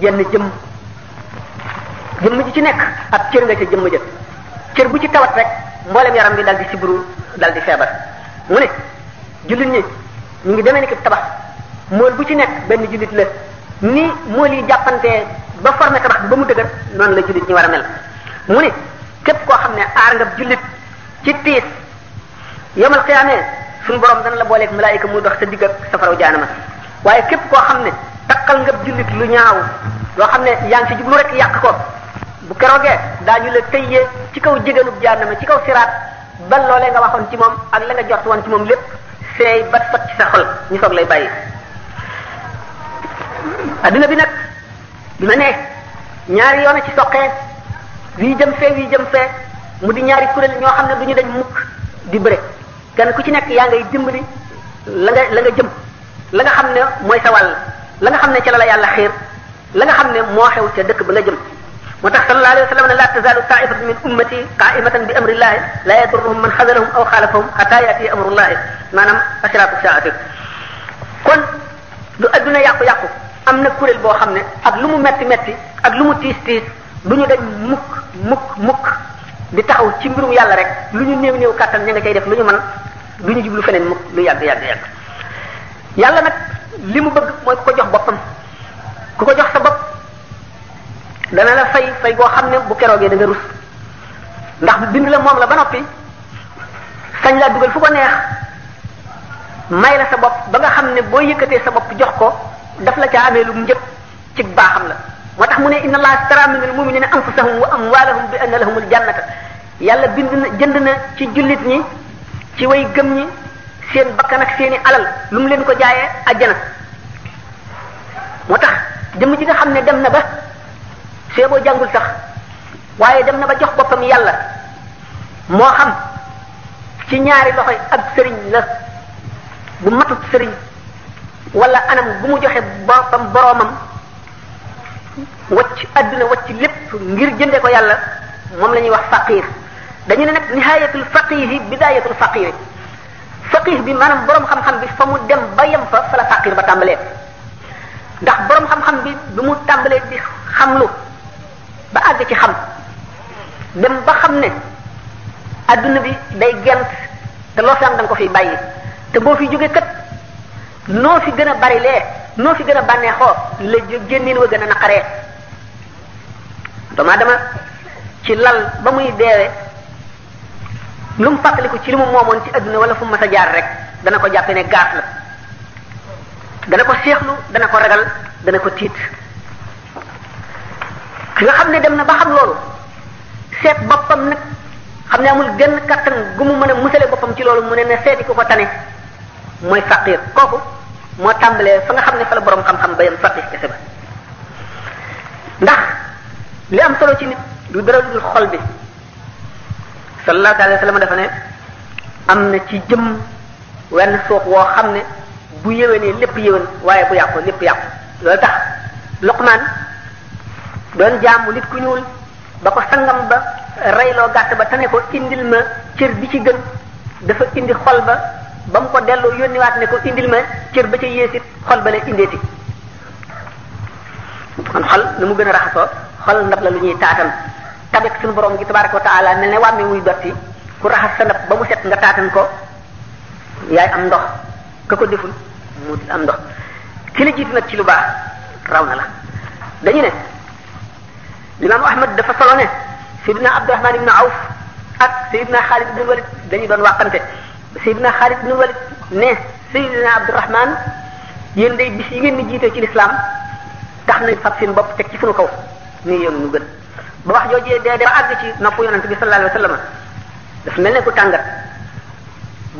Speaker 1: jenn jëmm jëmm ji ci nekk ab cër nga ca jëmm ja cër bu ci tawat rek mboolem yaram bi dal di sibru dal di feebar jullit ñi ñu ngi deme ni ki tabax mool bu ci nekk benn jullit la ni mool yi jàppante ba formé tabax ba mu dëgër noonu la jullit ñi war a mel mu ni képp koo xam ne aar nga jullit ci tiis yomal xiyaamee suñu borom dana la booleeg malaayika muy dox sa digg ak safaraw jaanama waaye képp koo xam ne takkal nga jullit lu ñaaw loo xam ne yaa ngi ci jublu rek yàq ko bu keroogee daañu la tëyee ci kaw jégganub jaanama ci kaw siraat ban loolee nga waxoon ci moom ak la nga jot woon ci moom lépp seey ba sot ci sa xol ñu soog lay bàyyi adduna bi nag bi ma ne ñaari yoon a ci soqee wii jëm fee wii jëm fee mu di ñaari kuréel ñoo xam ne du ñu dañ mukk di bëre kenn ku ci nekk yaa ngay dimbali la nga la nga jëm la nga xam ne mooy sa wàll la nga xam ne ca la yàlla xiir la nga xam ne moo xew ca dëkk ba nga jëm moo tax sallallahu alayhi wa sallam ne la tazalu taifatun min ummati qaimatan bi amrillahi la yadurruhum man xazalahum aw xaalafahum xata yaatiya amrullahi maanaam ashratu saati kon lu adduna yàqu-yàqu am na kuréel boo xam ne ak lu mu metti metti ak lu mu tiis tiis du ñu dem mukk mukk mukk di taxaw ci mbirum yàlla rek lu ñu néew néew kàttan ña nga cay def lu ñu mën du ñu jublu feneen mukk lu yàgg yàgg yàgg yàlla nag li mu bëgg mooy ku ko jox boppam ku ko jox sa bopp dana la fay fay goo xam ne bu keroogee da nga rus ndax bind la moom la ba noppi sañ laa dugal fu ko neex may la sa bopp ba nga xam ne boo yëkkatee sa bopp jox ko daf la ca amee lu njëkk ci baaxam la moo tax mu ne inna allaha tara min al muminina anfusahum wa amwalahum bi anna lahum al jannata yàlla bind na jënd na ci jullit ñi ci way gëm ñi seen bakkan ak alal lu mu leen ko jaayee ajjana moo tax jëmm ci nga xam ne dem na ba see boo jàngul sax waaye dem na ba jox boppam yàlla moo xam ci ñaari loxoy ab sëriñ la bu matut sëriñ wala anam bu mu joxe boppam boroomam wacc àdduna wacc lépp ngir jënde ko yàlla moom la ñuy wax faqir dañu ne nag nihayatul faqihi bidayatul faqiri faqih bi maanaam borom xam-xam bi fa mu dem ba yem ba tàmbalee ndax borom xam-xam bi mu tàmbalee di ba àgg ci xam dem ba xam ne àdduna bi day gent te loo fi am da ko fi bàyyi te boo fi jógee kat noo fi gën a bari lee noo fi gën a bànneexoo la génneen wa gën a naqaree doomu aadama ci lal ba muy deewee lu mu fàttaliku ci li mu moomoon ci àdduna wala fu mu mas a jaar rek dana ko jàppe ne gaaf la dana ko seexlu dana ko ragal dana ko tiit ki nga xam ne dem na ba xam loolu seet boppam nag xam ne amul genn kattan gu mu mën a musale boppam ci loolu mu ne ne seeti ku ko tane mooy faqir kooku moo tàmbalee fa nga xam ne fa la borom xam-xam ba yam faqir kese ba ndax li am solo ci nit lu dara lu dul xol bi sallallahu alayhi wa sallam dafa am na ci jëm wenn suux woo xam ne bu yéwénee lépp yéwén waaye bu yàqu lépp yàqu loolu tax Luqmaan doon jaamu nit ku ñuul ba ko sangam ba reyloo gàtt ba tane ko indil ma cër bi ci gën dafa indi xol ba ba mu ko delloo yónniwaat ne ko indil ma cër ba ca yéesit xol ba la indeeti kon xol nu mu gën a raxasoo xol ndab la lu ñuy taatan tabek suñu borom gi tabaraka wa taala mel ne wàmme wuy dotti ku raxas sa ndab ba mu set nga taatan ko yaay am ndox ka ko deful mu am ndox ki jiitu nag ci lu baax raw na la dañu ne imaamu ahmad dafa solo ne sayidna abdurahman ibn awf ak sayidna xaalid ibn walid dañu doon wàqante sayidna xaalid ibn walid ne sayidna abdurahman yéen day bis yi ngeen ni jiitee ci lislaam tax nañ fab seen bopp teg ci sunu kaw nii yoon nu gën ba wax joojee dee dee ba àgg ci na yonent bi sallallahu alayhi wa sallam dafa mel ne ku tàngat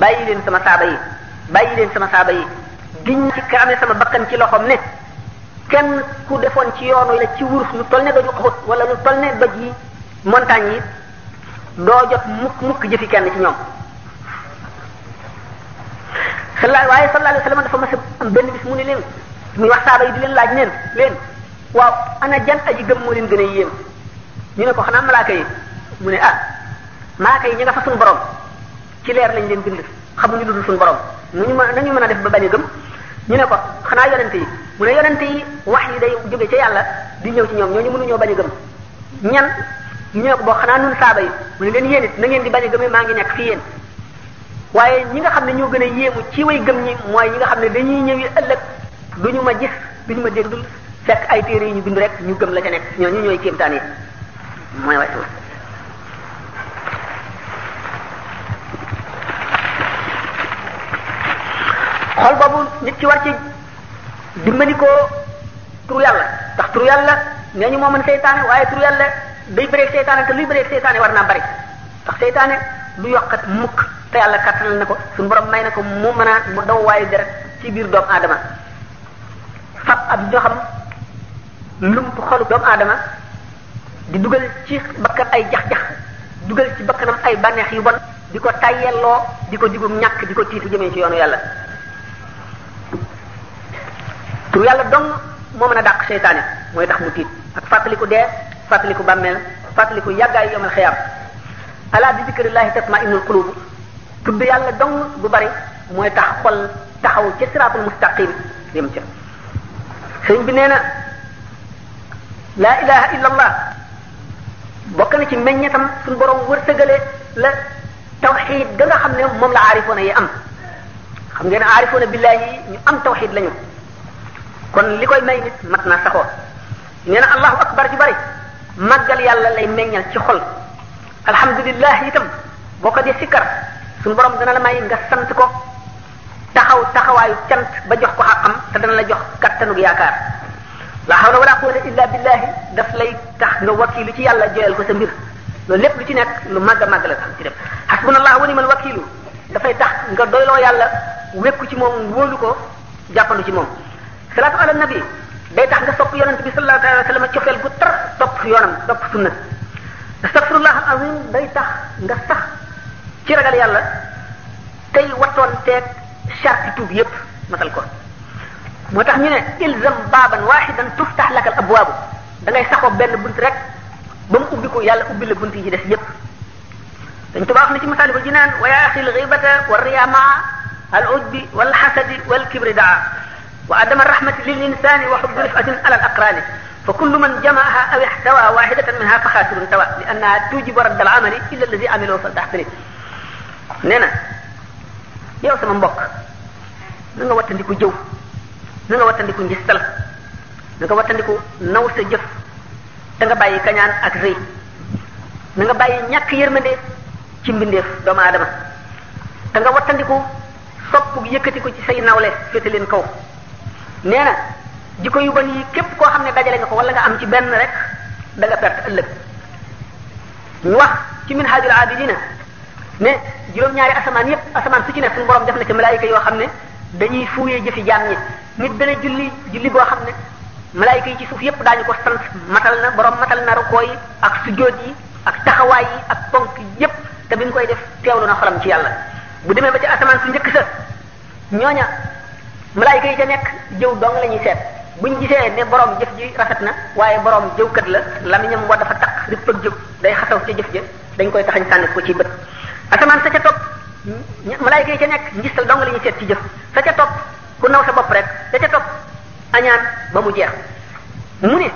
Speaker 1: bàyyi leen sama saaba yi bàyyi leen sama saaba yi giñ ci ka amee sama bakkan ci loxoom ne kenn ku defoon ci yoonu la ci wurus lu toll ne daju wala lu toll ne daj yi montagne yi doo jot mukk mukk jëfi kenn ci ñoom sala waaye sallallahu alayhi wa sallam dafa mas am benn bis mu ni leen muy wax saaba yi di leen laaj neen leen waaw ana jan aji gëm moo leen gën a yéem ñu ne ko xanaa malaaka yi mu ne ah malaaka yi ñi nga fa suñu borom ci leer lañ leen bind xamuñu lu dul suñu borom nu ñu mën nañu mën a def ba bañ a gëm ñu ne ko xanaa yonente yi mu ne yonente yi wax yi day jóge ca yàlla di ñëw ci ñoom ñooñu mënuñoo bañ a gëm ñan ñu ñëw ko boo xanaa nun saaba yi mu ne leen yéen it na ngeen di bañ a gëmee maa ngi nekk fi yéen waaye ñi nga xam ne ñoo gën a yéemu ci way gëm ñi mooy ñi nga xam ne dañuy ñëwi ëllëg duñu ma gis duñu ma dégg dul fekk ay téere yi ñu rek ñu gëm la ca nekk ñooñu ñooy kéemtaan yi mooy waay xol boobu nit ci war ci dimbali ko tur yàlla ndax tur yàlla nee ñu moo mën seytaane waaye tur yàlla day bëreeg seytaane te luy bëreeg seytaane war naa bari ndax seytaane du yokkat mukk te yàlla kattanal na ko suñu borom may na ko mu mën a mu daw waayu deret ci biir doomu aadama fab ab joxam xam lump xolu doomu aadama di dugal ci bakkan ay jax-jax dugal ci bakkanam ay bànneex yu ba di ko tayyelloo di ko digum ñàkk di ko tiitu jëmee ci yoonu yàlla tur yàlla dong moo mën a dàq seytaane mooy tax mu tiit ak fàttaliku dee fàttaliku bàmmeel fàttaliku yàggaay yomal xiyaam ala bi zikrillahi tatma innul qulubu tudd yàlla dong bu bari mooy tax xol taxaw ci siraatul mustaqim yem ca sëriñ bi nee na laa ilaha illa allah bokk na ci meññetam suñu borom wërsëgale la tawxid ga nga xam ne moom la aarifoona yi am xam ngeen aarifoona billahi ñu am tawxid lañu kon li koy may nit mat na saxoo nee na allahu akbar ju bari màggal yàlla lay meññal ci xol alhamdulilah itam boo ko dee sikkar suñu borom dana la may nga sant ko taxaw taxawaayu cant ba jox ko xaqam te dana la jox kattanug yaakaar la hawla wala quwwata illa billahi daf lay tax nga wakilu ci yàlla joyal ko sa mbir loolu lépp lu ci nekk lu màgg a màgg la ci def hasbunallahu wa ni'mal wakilu dafay tax nga doyloo yàlla wékku ci moom wóolu ko jàppandu ci moom salaatu ala nabi day tax nga sopp yonent bi sallallahu alayhi wa sallam cofeel gu tar topp yoonam topp sunna astaghfirullah al azim day tax nga sax ci ragal yàlla tey wattoon teeg charte tuub yépp matal ko moo tax ñu ne ilzam baaban wahidan tuftax laka al abwaabu da ngay saxoo benn bunt rek ba mu ubbi ko yàlla ubbi la bunt yi ci des yépp dañ tubaa wax na ci masaalikul jinaan wa yaa axi al ghibata wa riyamaa al ujbi wal xasadi wal kibri daa wa adama rahmati lil insani wa hubbi rifatin ala al aqrani fa kullu man jamaaha aw ihtawa wahidatan minha fa xaasirun tawa li annaha tujibu radd al amali illa allazi amiloo fal taxtari nee na yow sama mbokk na nga wattandiku jëw na nga wattandiku njistal na nga wattandiku naw sa jëf te nga bàyyi kañaan ak rëy na nga bàyyi ñàkk yërmande ci mbindeef doomu aadama te nga wattandiku sopp yëkkati ko ci say nawle féete leen kaw nee na jikko yu bon yi képp koo xam ne dajale nga ko wala nga am ci benn rek da nga perte ëllëg ñu wax ci minhajul abidina ne juróom-ñaari asamaan yépp asamaan su ci ne suñu borom def na ci malaayika yoo xam ne dañuy fuuyee jëfi jaam ñi nit dana julli julli boo xam ne malaayika yi ci suuf yépp daañu ko sant matal na borom matal na rukoo yi ak sujjóot yi ak taxawaay yi ak ponk yépp te bi mu koy def teewlu na xolam ci yàlla bu demee ba ci asamaan su njëkk sa ñooña malaayika yi ca nekk jëw dong la ñuy seet ñu gisee ne boroom jëf ji rafet na waaye borom jëwkat la lamiñam wa dafa takk ripp ak jëw day xasaw ca jëf ja dañ koy taxañ sànni ko ci bët asamaan sa ca topp malaayika yi ca nekk ngistal dong la ñuy seet ci jëf sa ca topp ku naw sa bopp rek sa ca topp añaan ba mu jeex mu ne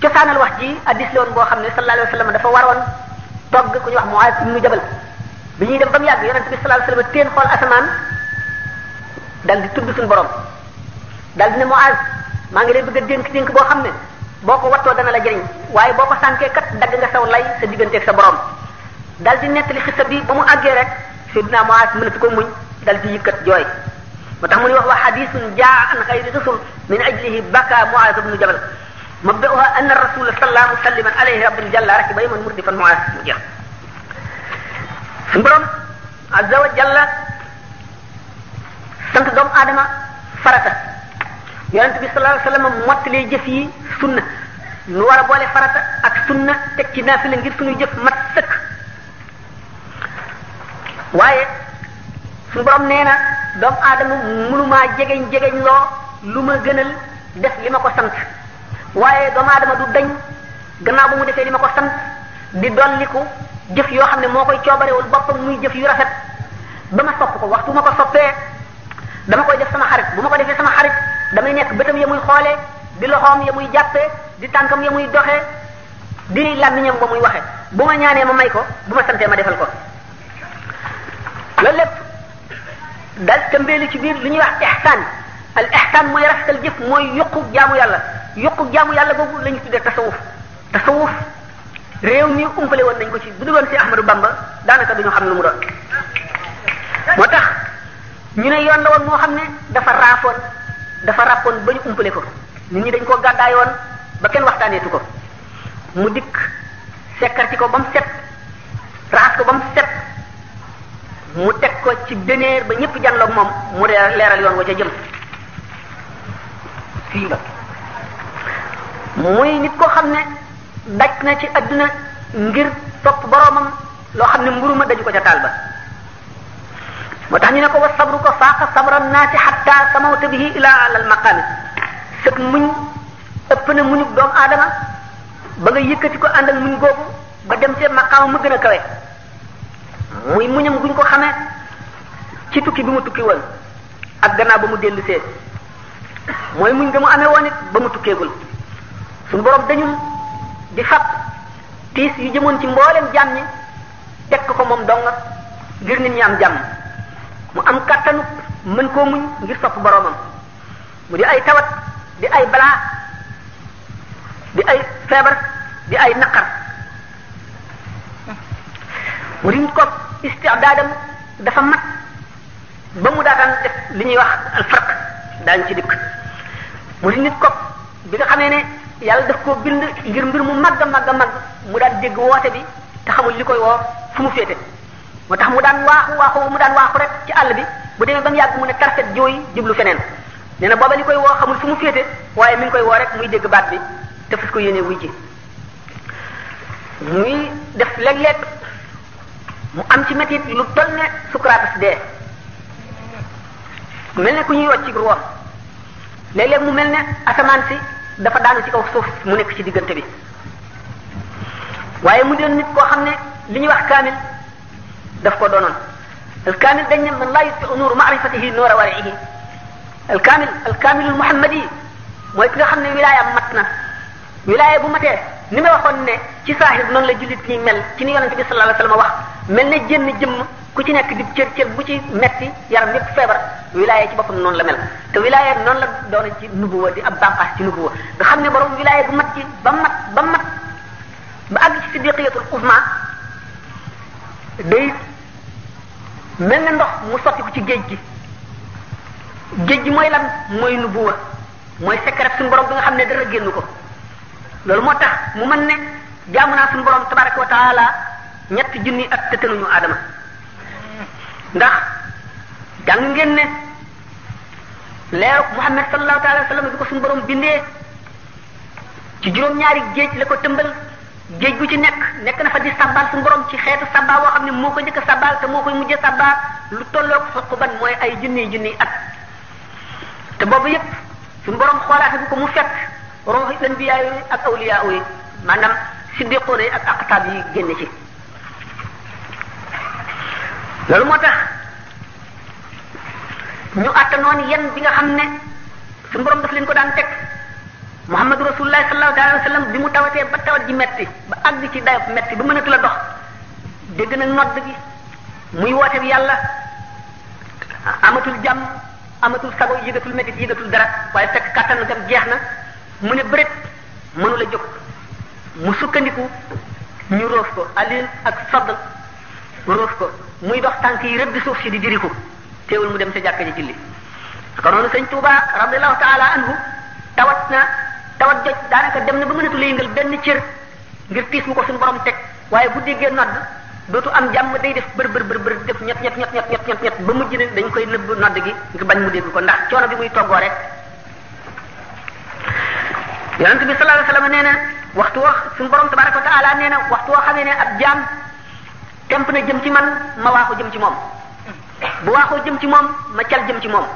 Speaker 1: cosaanal wax ji addis la woon boo xam ne sallallahu alayhi wa sallam dafa waroon togg ku ñu wax Muaaz ibnu Jabal bi ñuy dem ba mu yàgg yonent bi sallallahu alayhi wa sallam teen xool dal di tudd suñu borom dal di ne Muaz maa bëgg dénk dénk boo xam ne boo ko wattoo dana la jëriñ waaye boo ko sànkee kat dagg nga saw lay sa digganteeg sa borom dal di nettali xisa bi ba mu àggee rek Seydina Muaz mënatu ko muñ dal di yëkkat jooy moo tax mu ni wax wa xadisun jaa an xayri rasul min ajlihi baka Muaz ibnu Jabal mabda'uha anna rasula salla musalliman alayhi rabbun jalla rakiba yman murdifan Muaz mu jeex mu borom azza wa jalla sant doomu aadama farata yonent bi sallallahu alayhi wasallam mottalee jëf yi sunna nu war ak sunna ci naafila ngir suñu jëf mat sëkk waaye suñu borom nee na doomu aadama mënumaa jegeñ jegeñ loo lu ma gënal def li ma ko sant waaye doomu aadama du dañ gannaaw mu defee li ma ko sant di dolliku jëf yoo xam ne moo koy coobarewul boppam muy jëf yu rafet ba ma sopp ko waxtu ma ko soppee dama koy def sama xarit bu ma ko defee sama xarit dama nekk bëtam ya muy xoolee di loxoom ya muy jàppee di tànkam ya muy doxee di làmmiñam ba muy waxe bu ma ñaanee ma may ko bu ma santee ma defal ko loolu lépp dal tëmbeelu ci biir lu ñuy wax ihsaan al ihsaan mooy rafetal jëf mooy yuqu jaamu yàlla yuqu jaamu yàlla boobu la ñu tuddee tasawuf tasawuf réew mi umpale woon nañ ko ci bu dul woon si Ahmadou Bamba daanaka duñu xam lu mu doon tax ñu ne yoon la woon moo xam ne dafa raafoon dafa ràppoon ba ñu umpale ko nit ñi dañ koo gàddaayoon ba kenn waxtaaneetu ko mu dikk sekkarti ko ba mu set raxas ko ba mu set mu teg ko ci dëneer ba ñëpp jànloog moom mu leeral yoon wa ca jëm fii la muy nit koo xam ne daj na ci adduna ngir topp boroomam loo xam ne mburu ma daju ko ca taal ba moo tax ñu ne ko wa sabru ko faaqa sabra naasi xatta samawta bihi ila alal maqaami sëg muñ ëpp na muñu doomu aadama ba nga yëkkati ko ànd ak muñ googu ba dem ci maqaama mu gën a kawe muy ko xamee ci tukki bi mu tukki woon ak gannaaw ba mu dellu see muñ nga mu amee woon it ba mu tukkeegul suñu borom dañul di fab tiis yu jëmoon ci mboolem jàmm ñi teg ko moom dong ngir nit ñi am jàmm mu am kattanu mën koo muñ ngir sopp boroomam mu di ay tawat di ay balaa di ay feebar di ay naqar mu di ko istidaadam dafa mat ba mu daataan def li ñuy wax alfarq daañu ci dikk mu di nit ko bi xam nee ne yàlla daf koo bind ngir mbir mu màgg magga màgg mu daal dégg woote bi te xamul li koy woo fu mu féete moo tax mu daan waaxu waaxu mu daan waaxu rek ci àll bi bu demee ba mu yàgg mu ne tarfet jooy jublu feneen nee na booba li koy woo xamul fu mu féete waaye mi ngi koy woo rek muy dégg baat bi te ko yéene wuy ji muy def mu am ci métit lu toll ne Socrates dee mel ne ku ñuy wàcc ci ruwaam léeg-léeg mu mel ne asamaan si dafa daanu ci kaw suuf mu nekk ci diggante bi waaye mu doon nit koo xam ne li ñu wax kaamil daf ko doonoon alkaamil dañ ne man laa yutfiu nuuru maarifatihi noora warihi alkaamil alkaamilul muhammadi mooy ki nga xam ne wilaayam mat na wilaaya bu matee ni ma waxoon ne ci saahir noonu la jullit ñi mel ci ni yonente bi sallallahu alayhi wasallam wax mel ne jënn jëmm ku ci nekk di cër cër bu ci metti yaram yépp feebar wilaaya ci boppam noonu la mel te wilaaya noonu la doona ci nubuwa di ab bànqaas ci nubuwa nga xam ne borom wilaaya bu mat ci ba mat ba mat ba àgg ci mel ne ndox mu sotti ko ci géej gi géej gi mooy lan mooy nubuwa mooy secret suñu borom bi nga xam ne dara génn ko loolu moo tax mu mën ne jaamu naa suñu borom tabaraka wa taala ñetti junni at te tënuñu aadama ndax jàng ngeen ne leeru Muhammad sallallahu alayhi wa sallam bi ko suñu borom bindee ci juróom-ñaari géej la ko tëmbal géej gu ci nekk nekk na fa di sabbal su borom ci xeetu sabba woo xam ne moo ko njëkk sabbal te moo koy mujj sabba lu tolloog xuquban mooy ay junniy junniy at te boobu yëpp suñu borom xoolaate ko mu fekk rooxi anbiyaa yi ak awliyaa yi maanaam siddiqoona yi ak aqtaab yi génn ci loolu moo tax ñu attanoon yan bi nga xam ne suñu borom daf leen ko daan teg muhammadu rasulullah sallallahu alayhi wa sallam bi mu tawatee ba tawat ji metti ba àgg ci dayof metti ba mënatu la dox dégg na nodd gi muy woote bi yàlla amatul jàmm amatul sago yëgatul métit yëgatul dara waaye fekk kàttan gam jeex na mu ne bëret mënu la jóg mu sukkandiku ñu roof ko alin ak sodd roof ko muy dox tànk yi rëdd suuf si di diri ko teewul mu dem sa jàkka ji julli ko noonu sëñ Tuuba radiallahu taala anhu tawat na tawat joj daanaka dem na ba mënatu la yëngal benn cër ngir tiis mu ko suñu borom teg waaye bu déggee nodd dootu am jàmm day def bër bër bër bër def ñett ñett ñett ñett ñett ñett ba mujj ne dañ koy nëbb nodd gi ngir bañ mu dégg ko ndax coono bi muy toggoo rek yonent bi sallallahu alayhi nee na waxtu wax suñu borom tabaraka wa taala nee na waxtu woo xamee ne ab jaam temp na jëm ci man ma waaxu jëm ci moom bu waaxoo jëm ci moom ma cal jëm ci moom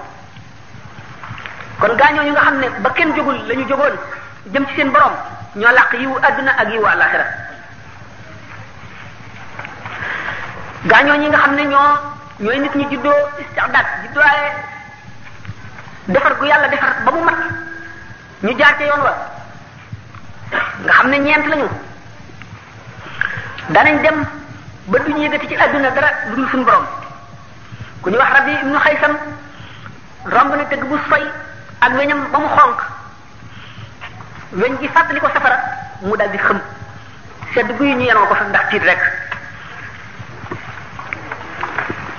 Speaker 1: kon gaañoo ñu nga xam ne ba kenn jógul la ñu jógoon jëm ci seen borom ñoo làq yiw àdduna ak yiwu àlaxira gaañoo ñi nga xam ne ñoo nit ñi juddoo istixdaat judduwaale defar gu yàlla defar ba mu mat ñu jaar ca yoon wa nga xam ne ñeent lañu danañ dem ba ñu yëgati ci àdduna dara lu dul suñu ku ñu wax rabi ibnu xaysam romb na tëgg bu fay ak weñam ba mu xonq weñ gi fàttali ko safara mu dal di xëm sedd guy ñu yanoo ko fa ndax rek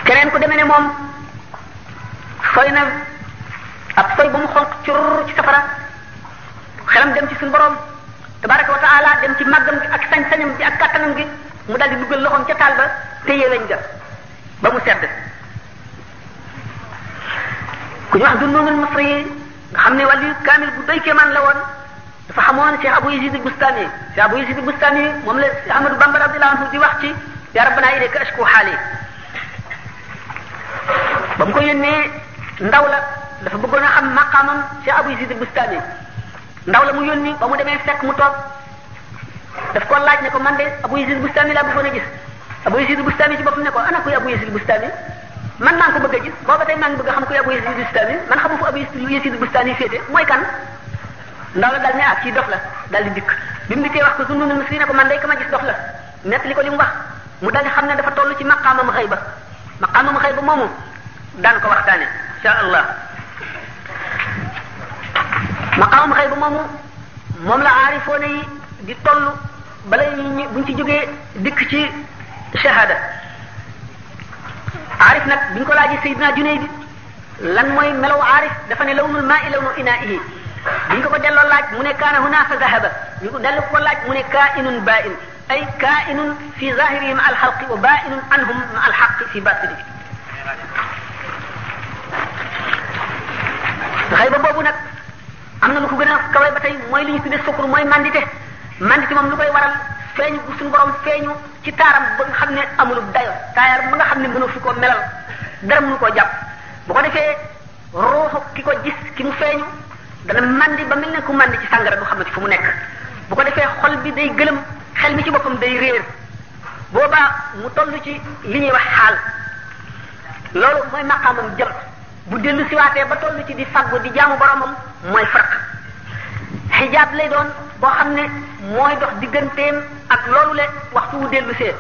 Speaker 1: keneen ku demee ne moom sooy na ab sooy ba mu xonq curr ci safara xelam dem ci boroom borom tabaraka wa taala dem ci màggam gi ak sañ-sañam gi ak kàttanam gi mu dal di dugal loxoom ca taal ba téye lañ ga ba mu sedd ku ñu wax du noonu masri nga xam ne wàllu kaamil bu doy ke man la woon dafa xamoon Cheikh Abu Yazid Bustami Cheikh Abu Yazid Bustami moom la Ahmadou Bamba radiyallahu anhu di wax ci yaa rabbana ilayka ashku xaali ba mu ko yónnee ndaw la dafa bëggoon ma xam maqaamam Cheikh Abu Yazid Bustami ndaw la mu yónni ba mu demee fekk mu to daf ko laaj ne ko man de Abu Yazid Bustami laa bëggoon a gis Abu Yazid Bustami ci boppam ne ko ana kuy Abu Yazid Bustami man maa ko bëgg a gis booba tey maa ngi a xam ku Abu Yazid Bustami man xamu fu Abu Yazid Bustami féete mooy kan ndaw la dal ne ak ah, ci dof la dal di dikk bi mu dikkee wax ko Zunnun al-Misri ne ko man day ka ma gis dof li ko li mu wax mu dal di xam ne dafa toll ci maqaamam xayba maqaamam xayba moomu daan ko waxtaane insha allah maqaamam xayba moomu moom la aarifoone yi di toll bala ñu buñ ci jógee dikk ci shahada aarif nag bi ñu ko laajee Seydina Junayd bi lan mooy melaw aarif dafa ne lawnul maa i lawnu inaa'ihi bi ñu ko ko delloo laaj mu ne kaana huna fa zahaba ñu ko delloo ko laaj mu ne kaa'inun baa'in ay kaa'inun fi zahirihim alxalqi wa baa'inun anhum ma alxaqi fi batinihi xëy ba boobu nag am na lu ko gën a kawe ba tey mooy li ñu tuddee sukkur mooy mandite mandite moom lu koy waral feeñ bu suñu borom feeñu ci taaram ba nga xam ne amul dayo taayar ba nga xam ne mënu fi ko melal dara mënu koo jàpp bu ko defee ruuxu ki ko gis ki mu feeñu dana mandi ba mel ne ku mandi ci sàngara du xamati fu mu nekk bu ko defee xol bi day gëlëm xel mi ci boppam day réer boobaa mu toll ci li ñuy wax xaal loolu mooy maqaamam jëm bu dellu siwaatee ba tollu ci di faggu di jaamu boromam mooy farq xijaab lay doon boo xam ne mooy dox digganteem ak loolu le waxtu wu dellu see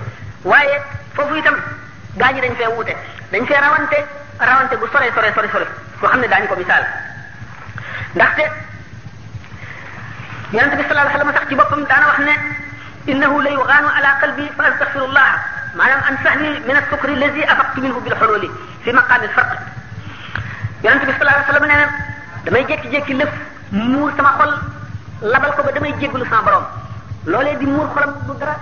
Speaker 1: waaye foofu itam gaa ñi dañ fee wuute dañ fee rawante rawante bu sore sore sore sore boo xam ne daañu ko misaal ndaxte yonente bi sallallahu alayhi wasallam sax ci boppam daana wax ne innahu la yugaanu ala qalbi fa astaghfirullah maanaam an sahli min as-sukri allazi afaqtu minhu bil hululi fi maqaami al-farq yonente bi sallallahu alayhi wasallam nee na damay jékki-jékki lëf muur sama xol labal ko ba damay jéggalu sama borom loolee di muur xolam du dara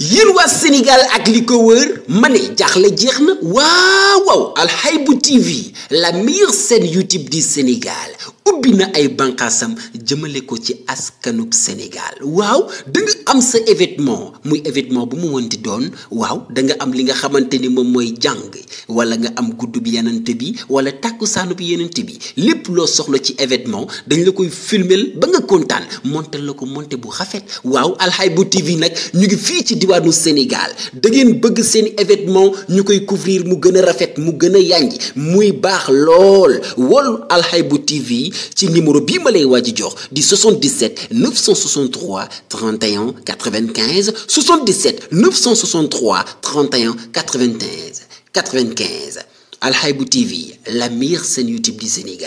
Speaker 1: yéen waa Sénégal ak li ko wër ma ne la jeex na waaw waaw alxaybu tv la meilleure seen youtube du Sénégal ubbi na ay bànqaasam jëmale ko ci askanub Sénégal waaw da am sa évétement muy événement bu mu wanti doon waaw da nga am li nga xamante ni moom mooy jàng wala nga am gudd bi yenent bi wala tàkkusaanu bi yenant bi lépp loo soxla ci événement dañ la koy filmel ba nga kontaan monté la ko monté bu rafet waaw alxaybu tv nag ñu ngi fii diwaanu Sénégal da ngeen bëgg seen événement ñu koy couvrir mu gën a rafet mu gën a yànj muy baax lool wol alxaybu TV ci numéro bi ma lay waaj jox di 77 963 31 95 77 963 31 95 95 alxaybu TV la meilleure chaîne YouTube du Sénégal.